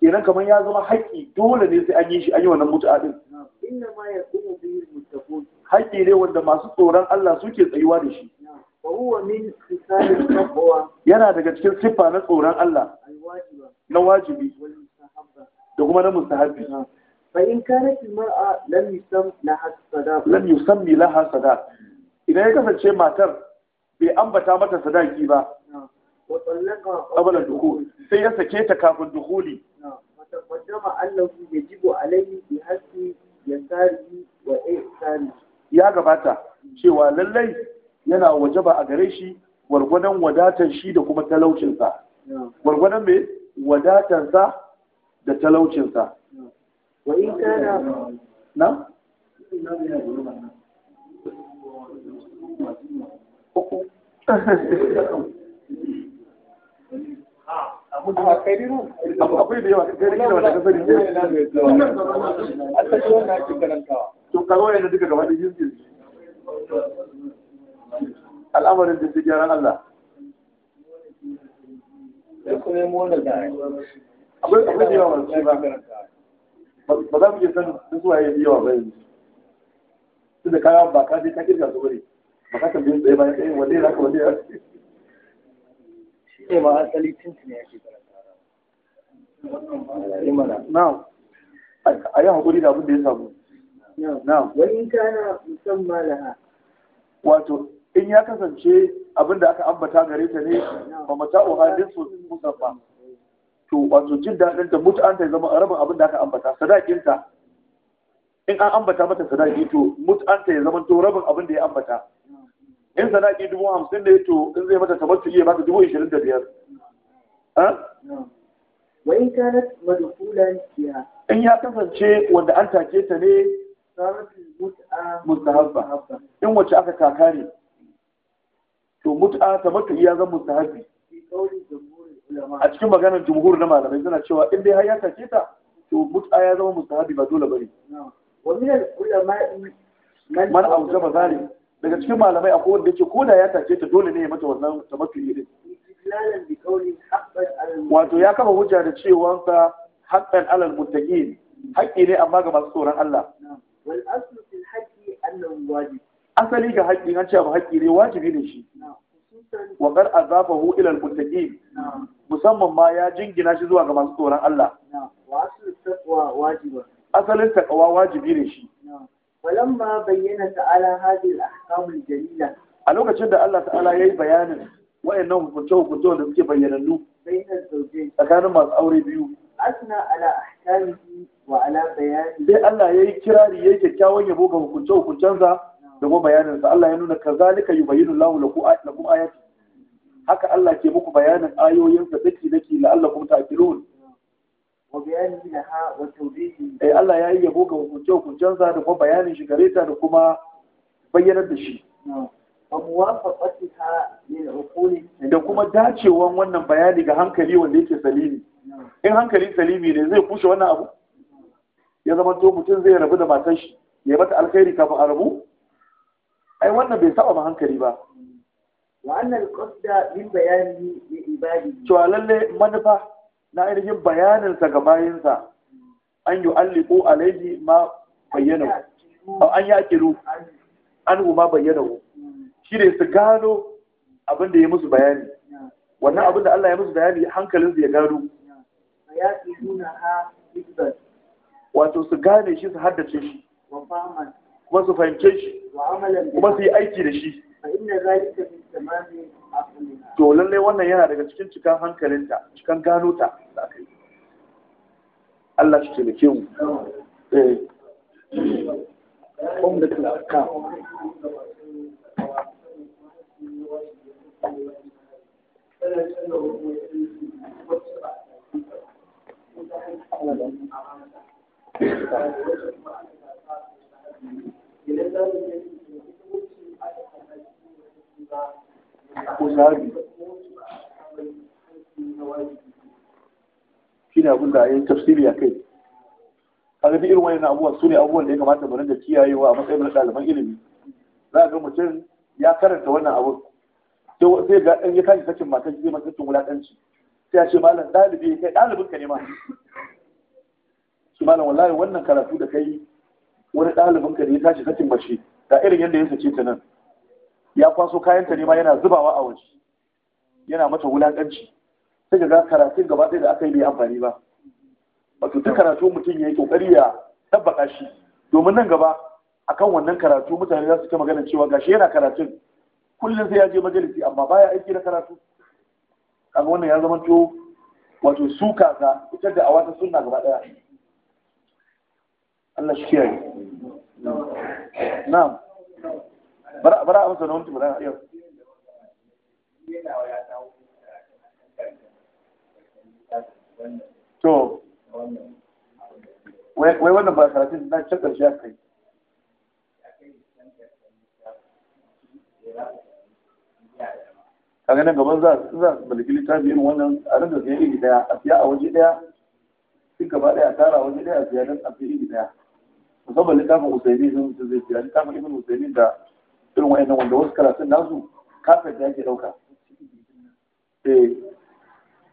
Speaker 1: kenan kamar ya zama haƙƙi dole ne sai an yi shi an yi wannan mutu'a din inna ma yaqumu bihi almuttaqun haƙƙi ne wanda masu tsoron Allah suke tsayuwa da shi
Speaker 2: wa huwa min
Speaker 1: sifatil yana daga cikin siffa na tsoron Allah na wajibi da kuma na mustahabbi فإن كانت المرأة لم يسم لها الصداق لم يسمي لها صداق إذا شيء bai ambata mata sadaki ba qabla duhu sai ya sake ta kafin dukhuli taqaddama alayhi bi wa ya gabata cewa lallai yana wajaba a gare shi gwargwadon wadatar shi da kuma talaucinsa gwargwadon mai wadatarsa da talaucinsa
Speaker 2: wa in kana na akwai da yawa gari yi
Speaker 1: a al'amarin da su gyaran Allah yawa ba ba za mu iya san zuwa yawa ba yanzu tunda kaya ba ka kirga su bane ba za ka biyu tsaye bayan tsayin wanda ya zaka wanda ya shi ne ma asali tintin ya ke karanta na'am a yi haƙuri da abin da ya samu na'am wani in kana musamman laha wato in ya kasance abin da aka ambata gare ta ne ba mata ohadin su musamman to wato jin daɗin ta mutu'an ta zama rabin abin da aka ambata sadakinta in an ambata mata sadaki to mutu'an ta ya zama to rabin abin da ya ambata in sadaki dubu hamsin ne to in zai mata tabbatu iya ba ta dubu ishirin da biyar wa in in ya kasance wanda an take ta ne mustahabba in wacce aka kaka ne to mut'a tabbatu iya zan mustahabbi a cikin maganar jumhur na malamai suna cewa in dai har ya take ta to mut'a ya zama mustahabbi ba dole bane wa min al-ulama man aujaba zalika daga cikin malamai akwai wanda yake koda ya take ta dole ne ya mata wannan tamattu'i din wato ya kafa hujja da cewa sa haqqan alal muttaqin haƙƙi ne amma ga masu tsoron Allah wal aslu fil haqqi annahu wajib asali ga haƙƙi an ce abu haƙƙi ne wajibi ne shi wa kar azabahu ila al muttaqin musamman ma ya jingina shi zuwa ga masu tsoron Allah asalin taqwa wajibi ne shi
Speaker 2: ولما بين تعالى هذه الأحكام الجليلة
Speaker 1: a lokacin da Allah ta'ala ya yi bayanin wa'annan hukunce-hukunce da suke bayyanannu tsakanin masu aure biyu
Speaker 2: asna ala
Speaker 1: ahkamihi
Speaker 2: wa ala bayani Sai
Speaker 1: Allah ya yi kirari ya yi kyakkyawan yabo ga hukunce-hukuncensa da kuma bayaninsa Allah ya nuna kazalika yubayyinu lahu lakum ayati haka Allah ke muku bayanin ayoyinsa dake dake la'allakum ta'qilun
Speaker 2: ai eh, Allah
Speaker 1: ya yi yabo ga hukunce hukuncensa da kuma bayanin shi gare ta da kuma bayyanar da shi da kuma dacewan wannan bayani ga hankali wanda yake salimi in hankali salimi ne zai kushe wannan abu ya zama to mutum zai rabu da matan shi ya bata alkhairi kafin a rabu ai wannan bai saba ma hankali ba wa annal qasda min bayani ne ibadi Cewa lalle manufa na ainihin bayaninsa ga bayansa an yi alliko alaihi ma bayyana an ya kiru an ma bayyana shi ne su gano abin da ya musu bayani wannan abin da Allah ya musu bayani hankalinsu ya gano wato su gane shi su haddace shi
Speaker 2: kuma
Speaker 1: su fahimce shi kuma su yi aiki da shi
Speaker 2: to
Speaker 1: lallai wannan yana daga cikin cikan hankalinta cikan gano ta da aka yi Allah shi taimake mu eh
Speaker 2: Thank you.
Speaker 1: ko sahabi shi ne abin da ya yi tafsiri a kai A duk irin wayannan abubuwan su ne abubuwan da ya kamata mu rinka kiyayewa a matsayin ɗaliban ilimi za a ga mutum ya karanta wannan abu sai ga ɗan ya kaji sakin matan zai masa tun wulaƙanci sai ya ce malam ɗalibi kai ɗalibin ka ne ma Su malam wallahi wannan karatu da kai wani ɗalibin ka ne ya tashi sakin mace ga irin yadda ya sace ta nan ya kwaso kayan ta ne yana zubawa a waje yana mata wulakanci sai ga karatun gaba ɗaya da aka yi bai amfani ba wato duk karatu mutum ya yi kokari ya tabbaka shi domin nan gaba akan wannan karatu mutane za su ta magana cewa gashi yana karatun kullum sai ya je majalisi amma baya aiki na karatu kaga wannan ya zama to wato suka ka ita da awata sunna gaba ɗaya Allah shi kiyaye na'am bara bara amsa na mutum ran yau to wai wannan ba karatun na can ƙarshe aka yi A ganin gaban za su za su balki littafi irin wannan a rinka siya iri daya a siya a waje daya Sun gaba daya a tara a waje daya a siya a siya iri daya musamman littafin usaini sun mutum zai siya littafin ibn usaini da irin wa'annan wanda wasu karatun nasu kafin da yake ɗauka eh,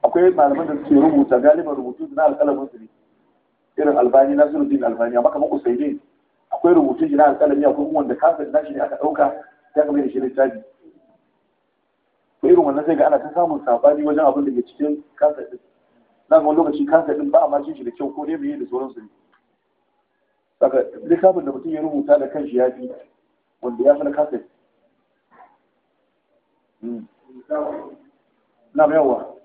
Speaker 1: akwai malaman da suke rubuta galiban rubutu na alƙalamin su ne irin albani na zurudin albani amma kamar ne akwai rubutu na alƙalami akwai kuma wanda kafin shi ne aka ɗauka ya kamar da shi littafi ko irin wannan sai ga ana ta samun sabani wajen abin da ke cikin kasa din na ga lokaci kasa din ba a macin shi da kyau ko ne yi da sauransu ne saka littafin da mutum ya rubuta da kan shi ya fi wanda ya fara kafin hmm. na mai yawa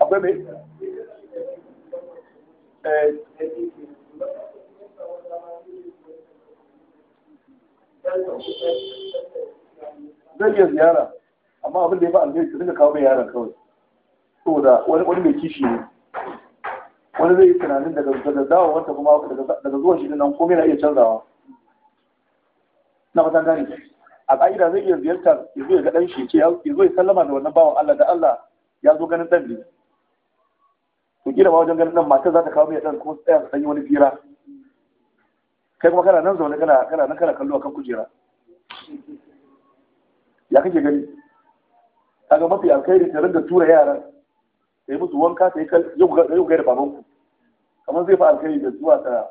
Speaker 2: akwai mai eh. zai
Speaker 1: iya ziyara amma abin da ya fi alheri ka dinga kawo mai yaron kawai saboda wani wani mai kishi ne wani zai yi tunanin daga daga wata kuma daga zuwan shi nan komai na iya canzawa na fatan gani a ka'ida zai iya ziyartar ya zo ya ga ɗan shi ce ya zo ya sallama da wannan bawan Allah da Allah ya zo ganin ɗan ne to kila ma wajen ganin ɗan matar za ta kawo mai ɗan kuma tsaya su wani fira kai kuma kana nan zaune kana kana nan kana kallo akan kujera ya kake gani kaga mafi alkhairi ta ringa tura yaran ta yi musu wanka ta yi yau gaida babanku kamar zai fi alkhairi da zuwa ta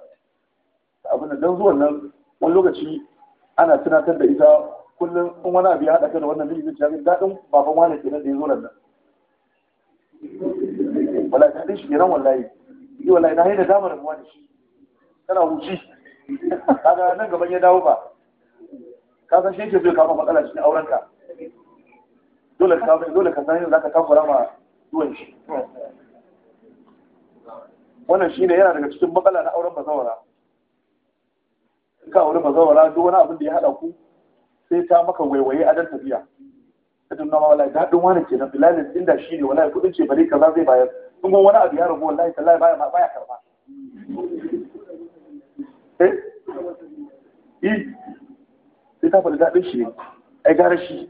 Speaker 1: abin da don zuwan nan wani lokaci ana tunatar da ita kullum in wani abu ya haɗa kai da wannan mijin zuciya zai daɗin baban wani ke nan da ya zo nan wala ta shi kenan wallahi yi wallahi na haida damar da shi tana huci kaga nan gaban ya dawo ba ka san shi ke zai kama matsala cikin aurenka dole ka dole ka san yadda zaka takura ma zuwan shi wannan shi ne yana daga cikin matsala na auren bazawara in ka aure bazawara duk wani abin da ya haɗa ku sai ta maka waiwaye a dan tafiya kadin nama wala daɗin wani kenan bilalin inda shi ne wala kuɗin ce bare kaza zai bayar in wani abu ya rabu wallahi tallahi baya ma baya karba eh? eh sai ta faɗi daɗin shi ne ai gara shi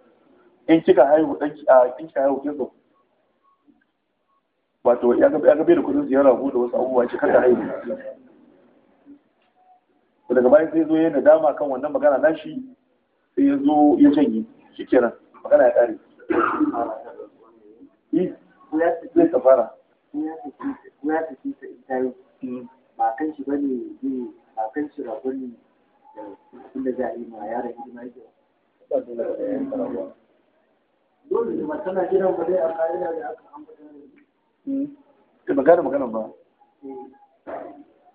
Speaker 1: in kika haihu dan a kin kika haihu kin zo wato ya ga ya ga bai da kudin ziyara ko da wasu abubuwa ki kada haihu to daga bayan sai zo yayin nadama kan wannan magana nashi sai ya zo ya janye shikenan magana ya kare eh zai safara
Speaker 2: ya tafi ta ita ba kan shi bane zai ba kan shi rabon da inda za a yi ma yaron hidima yake Dole ne ba tana gidan ba dai a ka'ida da aka ambata ne. Hmm. Ka ba gane magana ba. Eh,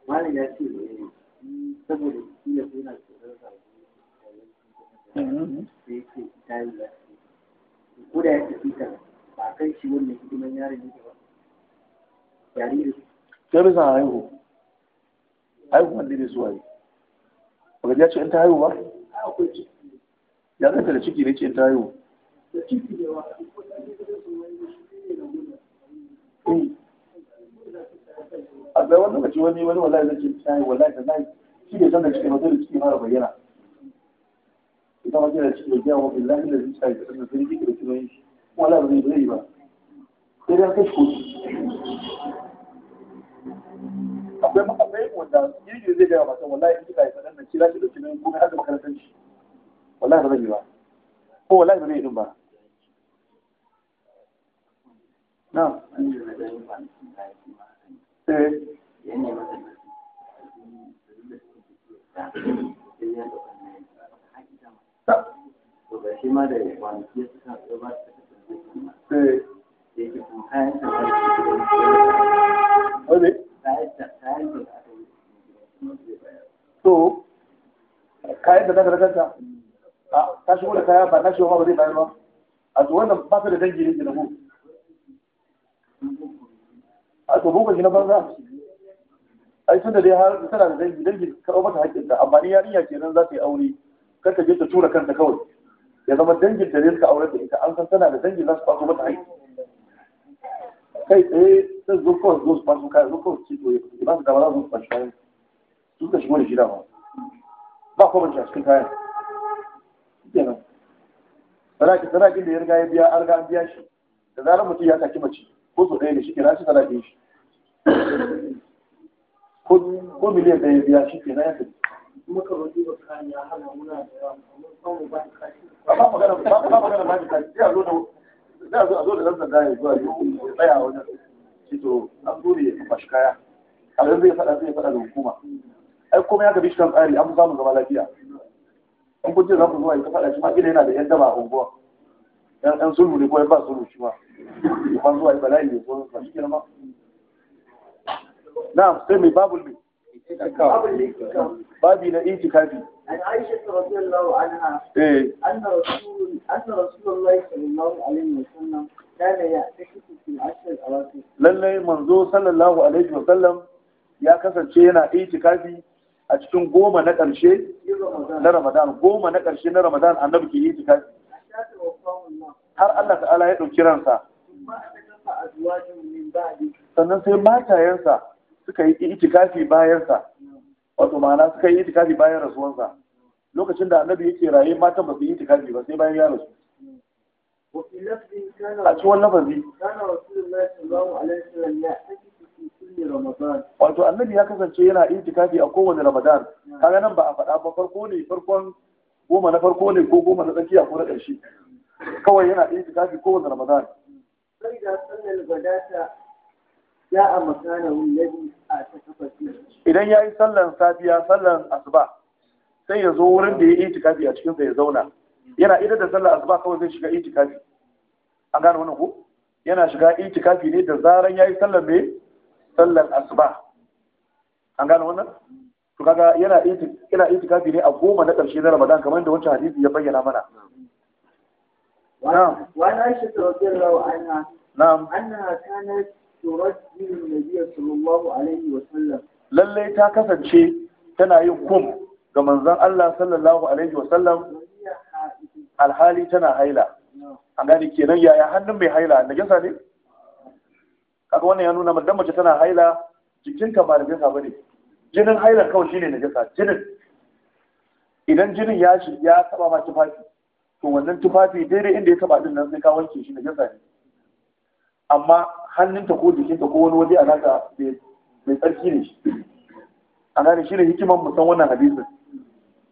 Speaker 2: malam ya ce saboda shi ya fi na tsoron rabu da hmm. ya ce Italiya ya ce. Ko da ya ce Peter ba kan shi wannan hidiman yaron yake ba. Jariri.
Speaker 1: Sai bisa haihu. Haihu wanda ne zuwa yi. Baka ji ya ce in ta haihu ba? Ya zanta da ciki ne ce in ta haihu. a bai wani lokaci wani wani wallahi zai ce sai wala da zai shi ne sanda cikin mutum cikin mara bayyana idan wajen da cikin biya wa billahi da zai sai da sanda zai yi da cikin yi wala ba zai yi ba sai dai kashi kotu akwai akwai wanda yiri zai gaya masa wallahi in kika yi fadan nan kira shi da cikin komai har da makarantar shi wallahi ba zai yi ba ko wala ba zai yi ba na eh. eh. shi da ya da ta ba su da yake kayan
Speaker 2: ta
Speaker 1: to kayan da daga rakanta ta ba zai bayar ba a to wannan ba su da dangi ne da mu a to boko shi na banza ai tunda dai har tana da dangi dangi karo mata haƙƙinta amma ni yarinya kenan za ta yi aure kar ta je ta tura kanta kawai ya zama dangin da ne suka aure da ita an san tana da dangi za su kwato mata haƙƙi kai tsaye sun zo kawai zo su kwato kayan zo kawai cito ya fito ba su dama za su kwato kayan su ka shigo da shi dama ba ko ban cikin kayan kenan sadakin da ya riga ya biya an riga an biya shi da zarar mutum ya saki mace ko ɗaya ne shi shi da shi ko miliyan ɗaya biya shi ya muka ya hana
Speaker 2: muna da yawa
Speaker 1: ba ba magana ba magana ba sai a zo da ya tsaya a to an zo ya kaya a zai faɗa kuma ya gabi shi kan tsari an samu zama lafiya an kun ce za zuwa ya shi ma kila yana da yan daba a unguwa yan yan sulhu ne ko yan ba sulhu shi ma ban zuwa bala'i ne ko ba shi kenan na'am sai mai babul mai babi na itikafi
Speaker 2: an aisha radiyallahu anha eh anna rasul anna rasulullahi sallallahu alaihi wasallam kana ya'takifu
Speaker 1: fil ashr al-awakhir lalle manzo sallallahu alaihi wa sallam, ya kasance yana kafi a cikin goma na ƙarshe na Ramadan goma na ƙarshe na Ramadan annabi ke kafi. har Allah ta'ala ya ɗauki ransa sannan sai matayensa suka yi itikafi bayansa wato ma'ana suka yi itikafi bayan rasuwansa lokacin da annabi yake raye matan ba su yi itikafi ba sai bayan ya rasu
Speaker 2: a cikin
Speaker 1: lafazi wato annabi ya kasance yana itikafi a kowane ramadan kaga nan ba a faɗa ba farko ne farkon goma na farko ne ko goma na tsakiya ko na ƙarshe kawai yana iya tafi kowanne ramadan sai da sallar gadata ya a makana wulladi a ta idan ya yi sallar safiya sallar asuba sai ya zo wurin da ya yi itikafi a cikinsa ya zauna yana idan da sallar asuba kawai zai shiga itikafi an gane wannan ko yana shiga itikafi ne da zaran ya yi sallar mai sallar asuba an gane wannan to kaga yana itikafi ne a goma na ƙarshe na ramadan kamar da wancan hadisi ya bayyana mana نعم
Speaker 2: وعن عائشة رضي الله عنها
Speaker 1: نعم أنها كانت ترجي النبي صلى الله عليه وسلم للي شيء تنا يقوم الله صلى الله عليه وسلم alhali tana haila an gane kenan yaya hannun mai haila najasa ne kaga wannan ya nuna mu mace tana haila jikinka ba najasa bane jinin haila kawai shine najasa jinin idan jinin ya shi ya taba ma tufafi to wannan tufafi daidai inda ya taba din nan sai ka wanke shi na jasa ne amma hannunta ko jikinta ko wani waje a naka tsarki ne shi a gane shi ne hikiman san wannan hadisin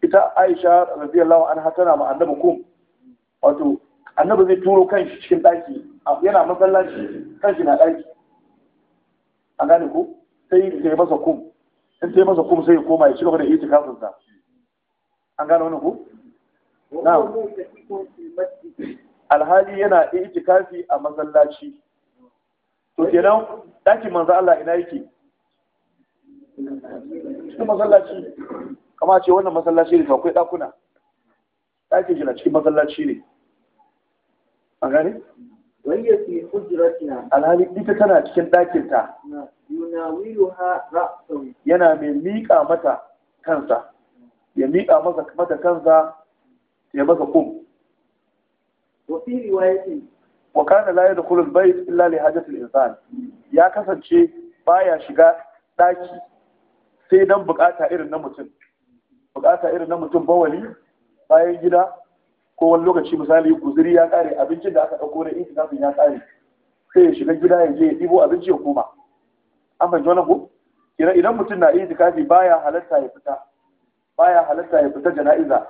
Speaker 1: ita aisha radiyallahu anha tana ma annabi ko? wato annabi zai turo kan shi cikin daki yana masallaci kan shi na daki a gane ko sai ya yi masa kum in ta yi masa kum sai ya koma ya ci gaba da itikafin sa an gane wani ko alhali yana itikafi a masallaci
Speaker 2: to kenan
Speaker 1: ɗakin manzo Allah ina yake cikin masallaci kama ce wannan masallaci ne akwai ɗakuna ɗakin shi na cikin masallaci ne an gane wanda fi hujratina alhali ita tana cikin ɗakin ta yana mai miƙa mata kansa ya miƙa mata kansa ya masa kum wa fi riwayatin wa kana la yadkhulu al-bayt illa li hajati al-insan ya kasance baya shiga daki sai dan bukata irin na mutum bukata irin na mutum bawali bayan gida ko wani lokaci misali guzuri ya kare abincin da aka dauko na intinafin ya kare sai ya shiga gida ya je ya ɗibo abinci ya koma an fahimci jona ko idan mutum na itikafi baya halatta ya fita baya halatta ya fita jana'iza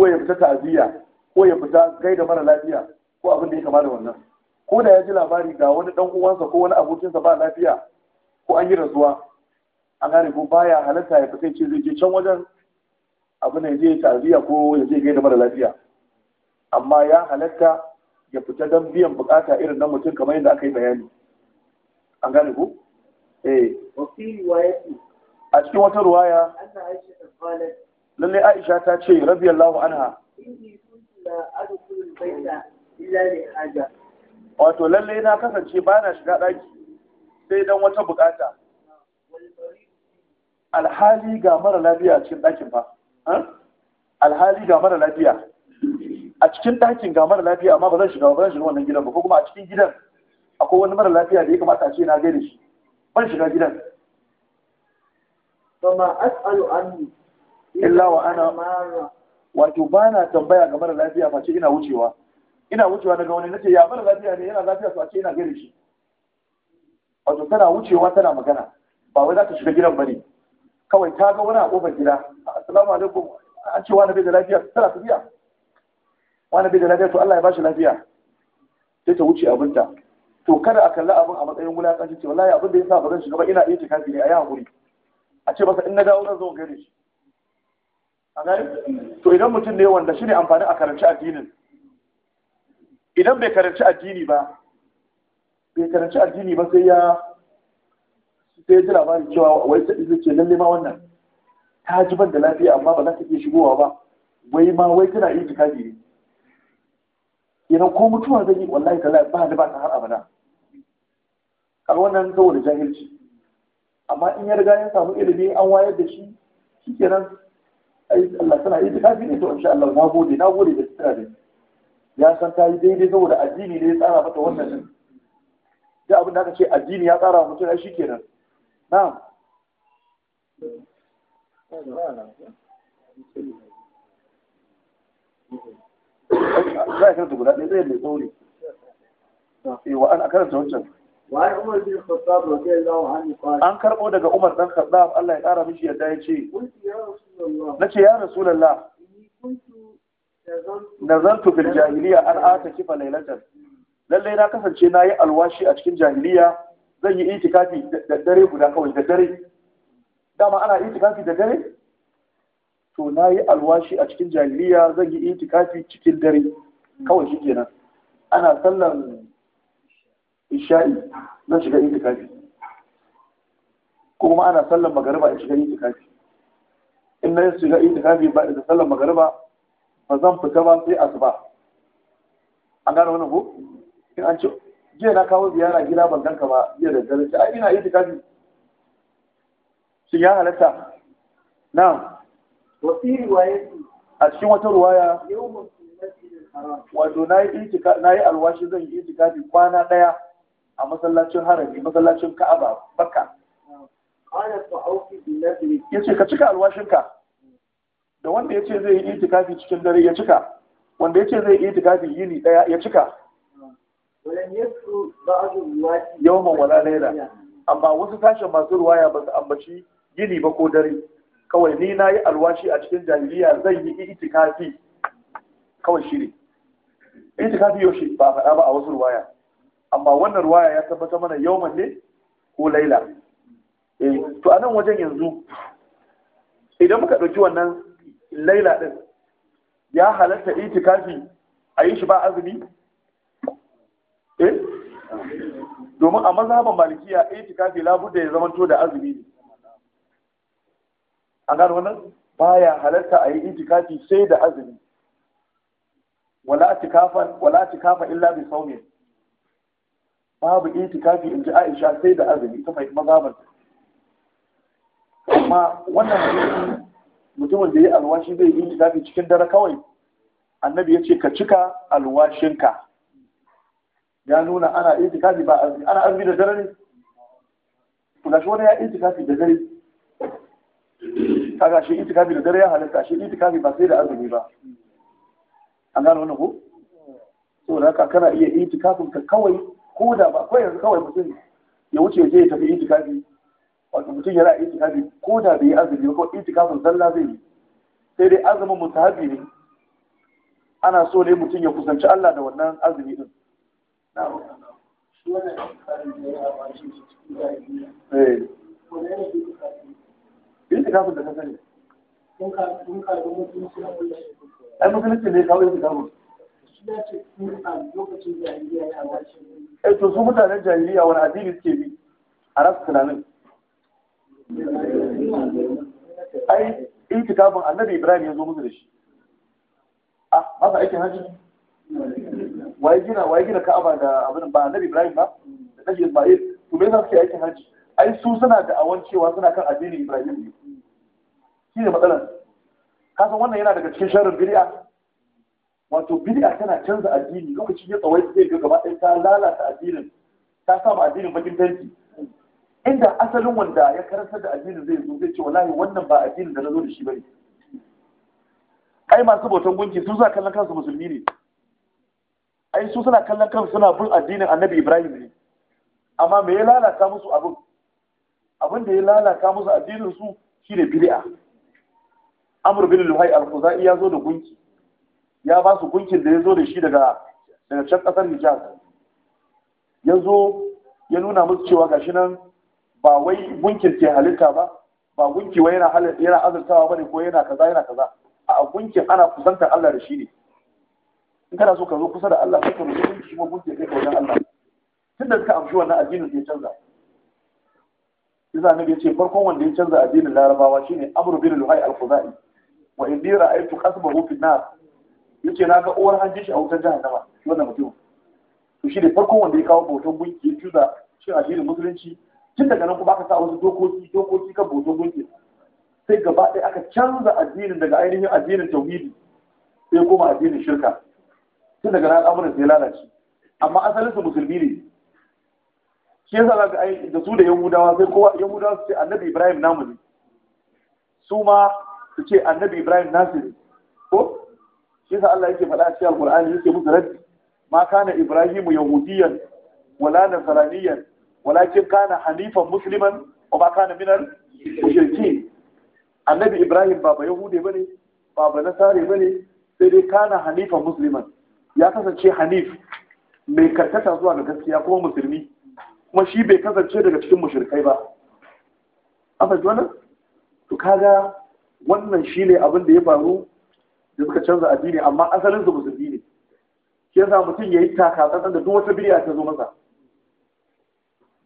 Speaker 1: ko ya fita ta'aziyya ko ya fita da mara lafiya ko abin da ya kama da wannan ko da ya ji labari ga wani dan uwansa ko wani abokinsa ba lafiya ko an yi rasuwa an gane ko baya halatta ya fita ce zai je can wajen abin da ya je ta'aziyya ko ya je da mara lafiya amma ya halatta ya fita dan biyan bukata irin na mutum kamar yadda aka yi bayani an gane ko eh a cikin wata ruwaya lallai aisha ta ce radiyallahu anha wato lallai na kasance ba na shiga ɗaki sai dan wata bukata alhali ga mara lafiya cikin ɗakin ba alhali ga mara lafiya a cikin ɗakin ga mara lafiya amma ba zan shiga ba zan shiga wannan gidan ba ko kuma a cikin gidan akwai wani mara lafiya da ya kamata a ce na gani shi ban shiga gidan ba ma as'alu anhu illa wa ana wato ba na tambaya ga mara lafiya face ina wucewa ina wucewa daga wani nace ya mara lafiya ne yana lafiya ce ina gare shi wato tana wucewa tana magana ba wai za ta shiga gidan bane kawai ta ga wani a kofar gida assalamu alaikum an ce wani bai da lafiya tana tafiya wani bai da lafiya to Allah ya bashi lafiya sai ta wuce abinta to kada a kalli abin a matsayin wulaƙanci ce wallahi abin da ya sa ba zan shiga ba ina iya tikafi ne a yi hakuri a ce masa in na dawo zan zo gare shi to idan mutum ne wanda shi ne amfani a karanci addinin idan bai karanci addini ba bai karanci addini ba sai ya sai ya ji labarin cewa wai sai zai ce lalle ma wannan ta ji ban da lafiya amma ba za ta ke shigowa ba wai ma wai tana yi jika ne idan ko mutuwa zai yi wallahi ta ba da ba ta har abada Kar wannan saboda jahilci amma in ya riga ya samu ilimi an wayar da shi shikenan ai Allah tana yi kafi ne to insha Allah na gode na gode da tsira da ya san ta yi daidai saboda addini ne ya tsara mata wannan din da abin da aka ce addini ya tsara mutum ai shikenan na'am
Speaker 2: za
Speaker 1: a karanta guda ɗaya zai mai tsauri wa an a karanta wancan وعن عمر بن الخطاب رضي الله عنه قال أن كربو دغ عمر بن الخطاب الله ya مشي يدا يجي قلت
Speaker 2: يا رسول الله
Speaker 1: نتي يا رسول الله كنت نزلت في الجاهلية أن lallai na kasance na yi alwashi a cikin jahiliya zan yi itikafi da dare guda kawai da dare dama ana itikafi da dare to na yi alwashi a cikin jahiliya zan yi itikafi cikin dare kawai shi kenan ana sallan isha'i zan shiga itikafi ko kuma ana sallan magariba in shiga itikafi in na shiga itikafi ba da sallan magariba ba zan fita ba sai asuba an gane wannan ko in an ce jiya na kawo ziyara gida ban ganka ba jiya da dare ai ina itikafi Shin ya halatta na'am wa fi a cikin wata ruwaya wato na yi alwashi zan yi itikafi kwana daya a masallacin harami masallacin ka'aba bakka ya ce ka cika alwashinka da wanda ya ce zai yi itikafi cikin dare ya cika wanda ya ce zai yi itikafi yini daya ya cika yawan wala naira amma wasu tashin masu ruwaya ba su ambaci yini ba ko dare kawai ni na yi alwashi a cikin jahiliya zai yi itikafi kawai shi ne itikafi yaushe ba faɗa ba a wasu ruwaya amma wannan ruwaya ya tabbata mana yawman ne ko laila eh to a nan wajen yanzu idan muka ɗauki wannan laila ɗin ya halatta itikafi a yi shi ba azumi eh domin a mazhaban malikiya itikafi labudda ya zamanto da azumi ne an gano wannan baya halatta a yi itikafi sai da azumi wala tikafan wala tikafa illa bi sawmin babu itikafi in ji Aisha sai da azumi ta fahimci mazhabar amma wannan hadisi mutumin da ya alwashi zai yi itikafi cikin dare kawai annabi ya ce ka cika alwashinka ya nuna ana itikafi ba azumi ana azumi da dare ne to shi wani ya itikafi da dare kaga shi itikafi da dare ya halatta shi itikafi ba sai da azumi ba an gano wannan ko saboda haka kana iya itikafin ka kawai ko da ba ko yanzu kawai mutum ya wuce je ya tafi itikafi wato mutum yana itikafi ko da bai yi azumi ba ko itikafin zalla zai yi sai dai azumin mutahabi ne ana so ne mutum ya kusanci Allah da wannan azumi
Speaker 2: din itikafin da ka sani
Speaker 1: ai musulunci ne kawai itikafin eh to su mutanen jahiliya wani addini suke bi a rasu tunanin ai kafin annabi ibrahim ya zo musu da shi ah masu aikin hajji waye gina waye gina ka'aba da abin ba annabi ibrahim ba da kashi isma'il to me yasa suke aikin hajji ai su suna da awon cewa suna kan addinin ibrahim ne shi ne matsalar kasan wannan yana daga cikin sharrin bid'a wato bid'a tana canza addini lokacin ya tsawai zai ga gaba ɗaya ta lalata addinin ta sa ma addinin bakin fenti inda asalin wanda ya karanta da addinin zai zo zai ce wallahi wannan ba addinin da na zo da shi bane ai masu bautan gunki sun suna kallon kansu musulmi ne ai su suna kallon kansu suna bin addinin annabi ibrahim ne amma me ya lalata musu abin abin da ya lalata musu addinin su shine bid'a amr bin luhai al-khuzai ya zo da gunki ya ba su gunkin da ya zo da shi daga daga can ƙasar Nijar. ya zo ya nuna musu cewa gashi nan ba wai gunkin ke halitta ba ba gunki wai yana azurtawa ba ne ko yana kaza yana kaza a gunkin ana kusantar Allah da shi ne in kana so ka zo kusa da Allah sai ka rubuta gunki kuma gunki kai wajen Allah tunda suka amshi wannan addinin sai canza Isa ya ce farkon wanda ya canza addinin Larabawa shine Amr bin Luhay al-Khuzai wa inni aitu qasbahu fi nar ce na ga uwar hanjin shi a wutar jahannama wannan mutum to shi ne farkon wanda ya kawo bautan gunki ya cuza shi addinin musulunci tun daga nan kuma aka sa wasu dokoki dokoki kan bautan gunki sai gaba ɗaya aka canza addinin daga ainihin addinin tauhidi sai koma addinin shirka tun daga nan al'amuran sai lalace amma asalin su musulmi ne shi yasa za ka da su da yahudawa sai kowa yahudawa su ce annabi ibrahim namu ne su ma su ce annabi ibrahim nasiru ne ko shi yasa Allah yake faɗa a cikin Al-Qur'ani yake musu raddi ma kana Ibrahim yahudiyan wala nasraniyan walakin kana hanifan musliman wa ma kana minal mushrikin annabi Ibrahim ba ba yahude bane ba ba nasare bane sai dai kana hanifan musliman ya kasance hanif mai karkata zuwa ga gaskiya kuma musulmi kuma shi bai kasance daga cikin mushrikai ba an fahimci wannan to kaga wannan shine abin da ya faru da suka canza addini amma asalin su musulmi ne shi yasa mutum ya yi taka-tsantsan da duk wata bid'a ta zo masa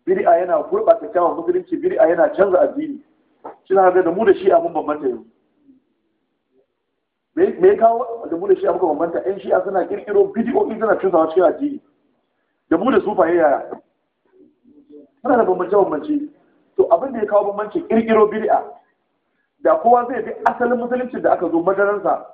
Speaker 1: bid'a yana gurɓata kyawun musulunci bid'a yana canza addini shi na da mu da shi a mun bambanta yau. me ya kawo da mu da shi a muka bambanta yan shi'a suna kirkiro bidiyoyi suna cusawa cikin addini da mu da su fa yaya Suna da bambance bambance to abin da ya kawo bambance kirkiro bid'a da kowa zai bi asalin musulunci da aka zo madaransa?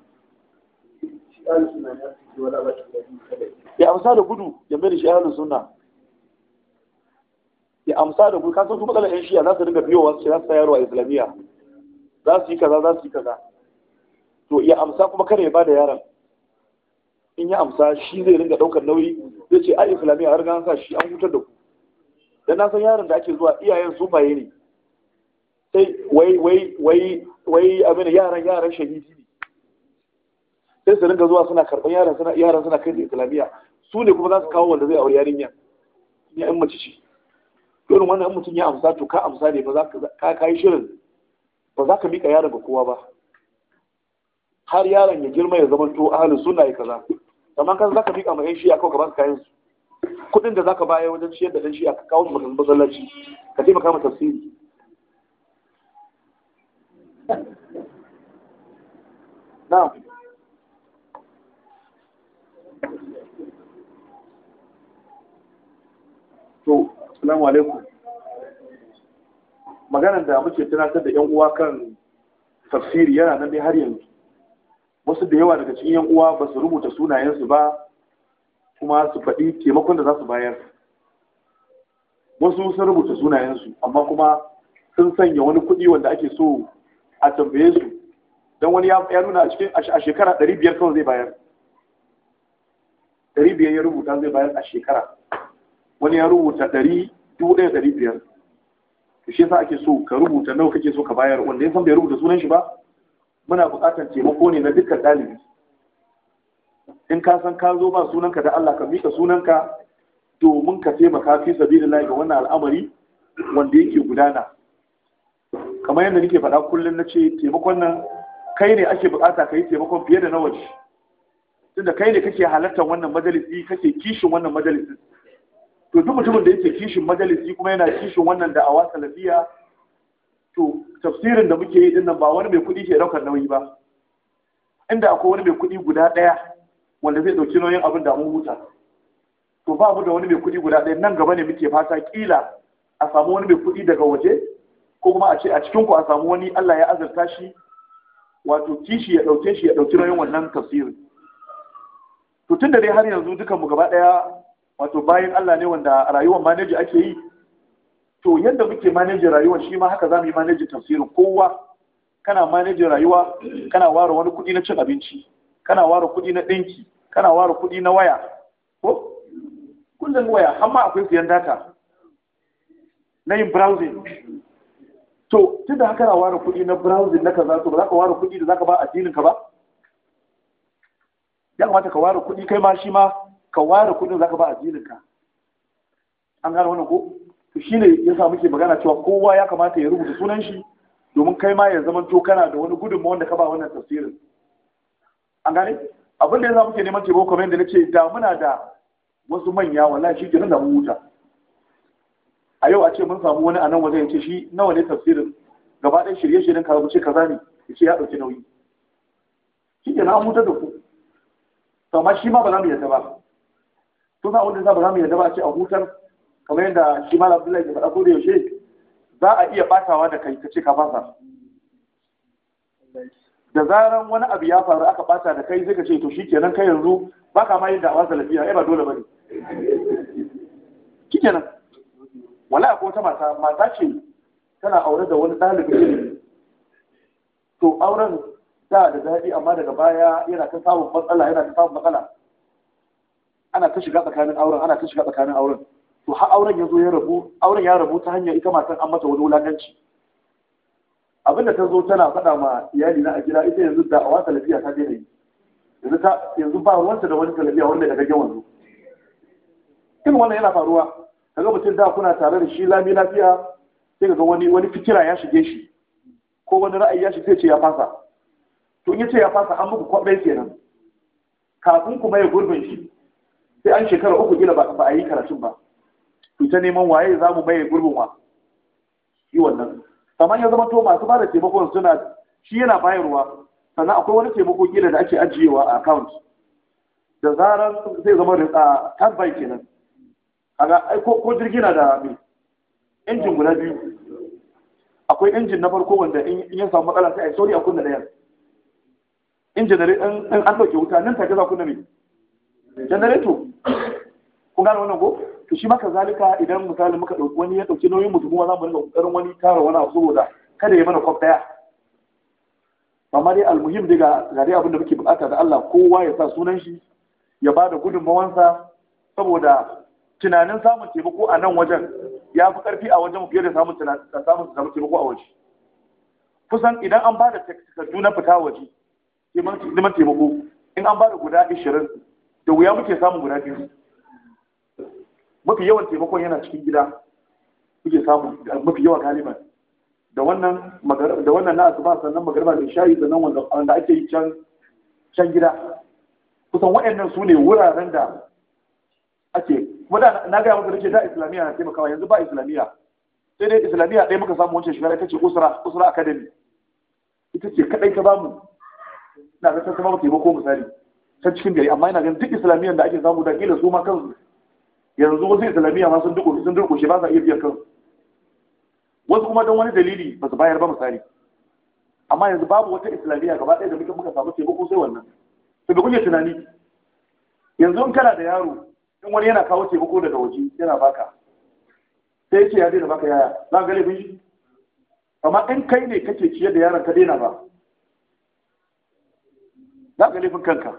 Speaker 1: ya amsa da gudu ya mai da shi ahlus sunna ya amsa da gudu kasan su matsalar yan shiya za su dinga biyo wasu za su yaro a islamiyya za su yi kaza za su yi kaza to ya amsa kuma kare ya bada yaron in ya amsa shi zai dinga daukar nauyi zai ce a islamiyya har gan sa shi an hutar da ku dan na san yaron da ake zuwa iyayen su baye ne sai wai wai wai wai abin yaran yaran shahidi sai su ringa zuwa suna karɓar yaran suna yaran suna kai da islamiyya su ne kuma za su kawo wanda zai aure yarinya ya yan mace ce irin wannan in mutum ya amsa to ka amsa ne ba za ka yi shirin ba za ka mika yaron ga kowa ba har yaron ya girma ya zama to ahalin suna ya kaza amma kan za ka mika ma yan shi kawai ka kayan su kuɗin da za ka baya wajen ciyar da ɗan shi ka kawo maka masallaci ka taimaka ma tafsiri (laughs) na'am to salamu alaikum maganar da muke tunatar da yan uwa kan tafsiri yana nan dai har yanzu wasu da yawa daga cikin yan uwa ba su rubuta sunayensu ba kuma su faɗi taimakon da za su bayar wasu sun rubuta sunayensu amma kuma sun sanya wani kuɗi wanda ake so a tambaye su don wani ya nuna a shekara 500 kawai zai bayar 500 ya rubuta zai bayar a shekara wani ya rubuta ɗari dubu ɗaya ɗari biyar to shi yasa ake so ka rubuta nawa kake so ka bayar wanda ya san bai rubuta sunan shi ba muna buƙatar taimako ne na dukkan ɗalibi in ka san ka zo ba sunanka da Allah ka mika sunanka domin ka taimaka fi sabilillahi ga wannan al'amari wanda yake gudana kamar yadda nake faɗa kullum na ce taimakon nan kai ne ake buƙata ka yi taimakon fiye da na waje tunda kai ne kake halartar wannan majalisi kake kishin wannan majalisi to duk mutumin da yake kishin majalisi kuma yana kishin wannan da awa salafiya to tafsirin da muke yi din nan ba wani mai kuɗi ke ɗaukar nauyi ba inda akwai wani mai kuɗi guda ɗaya wanda zai ɗauki nauyin abin da mun huta to ba mu da wani mai kuɗi guda ɗaya nan gaba ne muke fata kila a samu wani mai kuɗi daga waje ko kuma a ce a cikin ku a samu wani Allah ya azurta shi wato kishi ya ɗauke shi ya ɗauki nauyin wannan tafsirin to tunda dai har yanzu dukan mu gaba ɗaya wato bayan Allah ne wanda rayuwar manaji ake yi to yadda muke manaji rayuwar shi ma haka za mu yi manaji tafsirin kowa kana manaji rayuwa kana ware wani kuɗi na cin abinci kana ware kuɗi na ɗinki kana ware kuɗi na waya ko kullum waya amma akwai siyan data na yin browsing to tun da haka na ware kuɗi na browsing na kaza to ba za ka ware kuɗi da za ka ba addinin ka ba ya kamata ka ware kuɗi kai ma shi ma ka ware kudin zaka ba addinin ka an gane wannan ko to shine sa muke magana cewa kowa ya kamata ya rubuta sunan shi domin kai ma ya zama to kana da wani gudunmawa wanda ka ba wannan tafsirin an gane abin da sa muke neman taimako kamar yadda nace da muna da wasu manya wallahi shi kenan da mu huta a yau a ce mun samu wani a nan waje ya ce shi nawa ne tafsirin gaba ɗaya shirye-shiryen ka ce kaza ne ya ce ya ɗauki nauyi shi kenan an mutar da ku to ma shi ma ba za mu yarda ba tun sa wanda ba za mu ba ce a hutar kamar yadda shi malam abdullahi ya faɗa ko da yaushe za a iya batawa da kai ka ce ka fasa da zaran wani abu ya faru aka bata da kai zai ka ce to shi kenan kai yanzu ba ka ma yin da'awar salafiya ai ba dole ba ne shi kenan wala ko wata mata mata ce tana aure da wani ɗalibi to auren da da daɗi amma daga baya yana ta samun matsala yana ta samun matsala ana ta shiga tsakanin auren ana ta shiga tsakanin auren to har auren ya zo ya rabu auren ya rabu ta hanyar ita matan an mata wani wulakanci abinda ta zo tana faɗa ma iyali na a gida ita yanzu da awa talafiya ta daina yi yanzu ta yanzu ba ruwanta da wani talafiya wanda ya gaggen wanzu kin wannan yana faruwa kaga mutum da kuna tare da shi lami lafiya sai kaga wani wani fikira ya shige shi ko wani ra'ayi ya shige ce ya fasa to in ya ce ya fasa an muku kwaɓai kenan kafin kuma ya gurbin shi sai an shekara uku kila ba a yi karatun ba to ta neman waye za mu maye gurbin wa yi wannan amma ya zama to masu ba da taimakon suna shi yana bayarwa sannan akwai wani taimako gida da ake ajiyewa a account da zarar zai zama a tabbai kenan kaga ko jirgi na da me injin guda biyu akwai injin na farko wanda in ya samu matsala sai a yi sauri a kunna ɗayan in an ɗauke wuta nan take za kunna me janareto kun gane wannan ko to shi maka zalika idan misali muka dauki wani ya dauki nauyin mutum kuma za mu rinka wani tara wani abu saboda kada ya mana kwaf daya amma dai almuhim dai ga dai abin da muke bukata da Allah kowa ya sa sunan shi ya bada gudunmawansa saboda tunanin samun taimako a nan wajen ya fi karfi a wajen fiye da samun samun samun taimako a waje kusan idan an bada takardu na fita waje neman taimako in an bada guda 20 da wuya muke samun guda biyu mafi yawan taimakon yana cikin gida muke samu mafi yawa galiban da wannan da wannan na asuba sannan magarba da shayi sannan wanda ake yi can can gida kusan waɗannan su ne wuraren da ake kuma da na gaya muku nake da islamiyya na taimakawa yanzu ba islamiyya sai dai islamiyya ɗaya muka samu wancan shekara ita ce usra usra academy ita ce kaɗai ta bamu na ga ta bamu taimako misali ta cikin gari amma yana ganin duk islamiyyar da ake samu da kila su ma kansu yanzu wasu islamiyya ma sun duku sun durkushe ba sa iya biyan kansu wasu kuma don wani dalili ba su bayar ba misali amma yanzu babu wata islamiyya gaba ɗaya da muke muka samu taimako sai wannan to bi kuke tunani yanzu in kana da yaro in wani yana kawo taimako daga waje yana baka sai ce ya daina baka yaya za ka ga laifin shi amma in kai ne kake ciye da yaron ka daina ba za ka laifin kanka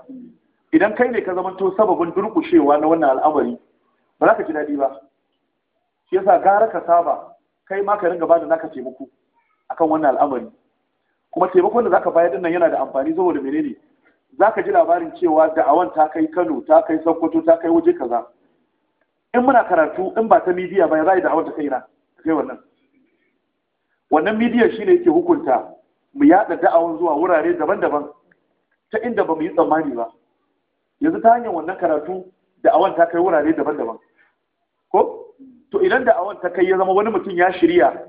Speaker 1: idan kai ne ka zamanto sababin durƙushewa na wannan al'amari ba za ka ji daɗi ba shi yasa gara ka saba kai ma ka ringa bada naka taimako akan wannan al'amari kuma taimakon da zaka bayar din nan yana da amfani saboda menene Za ka ji labarin cewa da'awan ta kai Kano ta kai Sokoto ta kai waje kaza in muna karatu in ba ta midiya ba za a yi da'awar ta kai na ta kai wannan wannan shi ne yake hukunta mu yaɗa da'awan zuwa wurare daban-daban ta inda ba mu yi tsammani ba yanzu ta hanyar wannan karatu da awan ta kai wurare daban-daban ko to idan da awan ta kai ya zama wani mutum ya shirya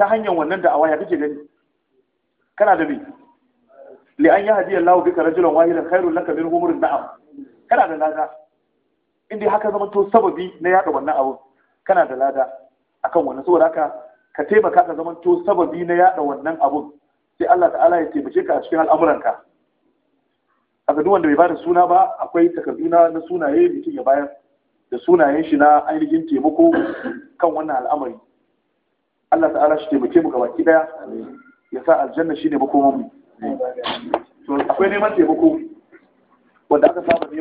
Speaker 1: ta hanyar wannan da awa ya kake gani kana da me li an ya hadiya Allah bika rajulan wahilan khairul laka min umurin na'am kana da lada indai haka zama to sababi na yada wannan abu kana da lada akan wannan saboda haka ka taimaka ka zama to sababi na yada wannan abun sai Allah ta'ala ya taimake ka a cikin al'amuranka aka duk wanda bai ba da suna ba akwai takarduna na sunaye mutum ya bayar da sunayen shi na ainihin taimako kan wannan al'amari Allah ta'ala shi taimake mu gabaki daya ya sa aljanna shi ne makomanmu to akwai neman taimako wanda aka saba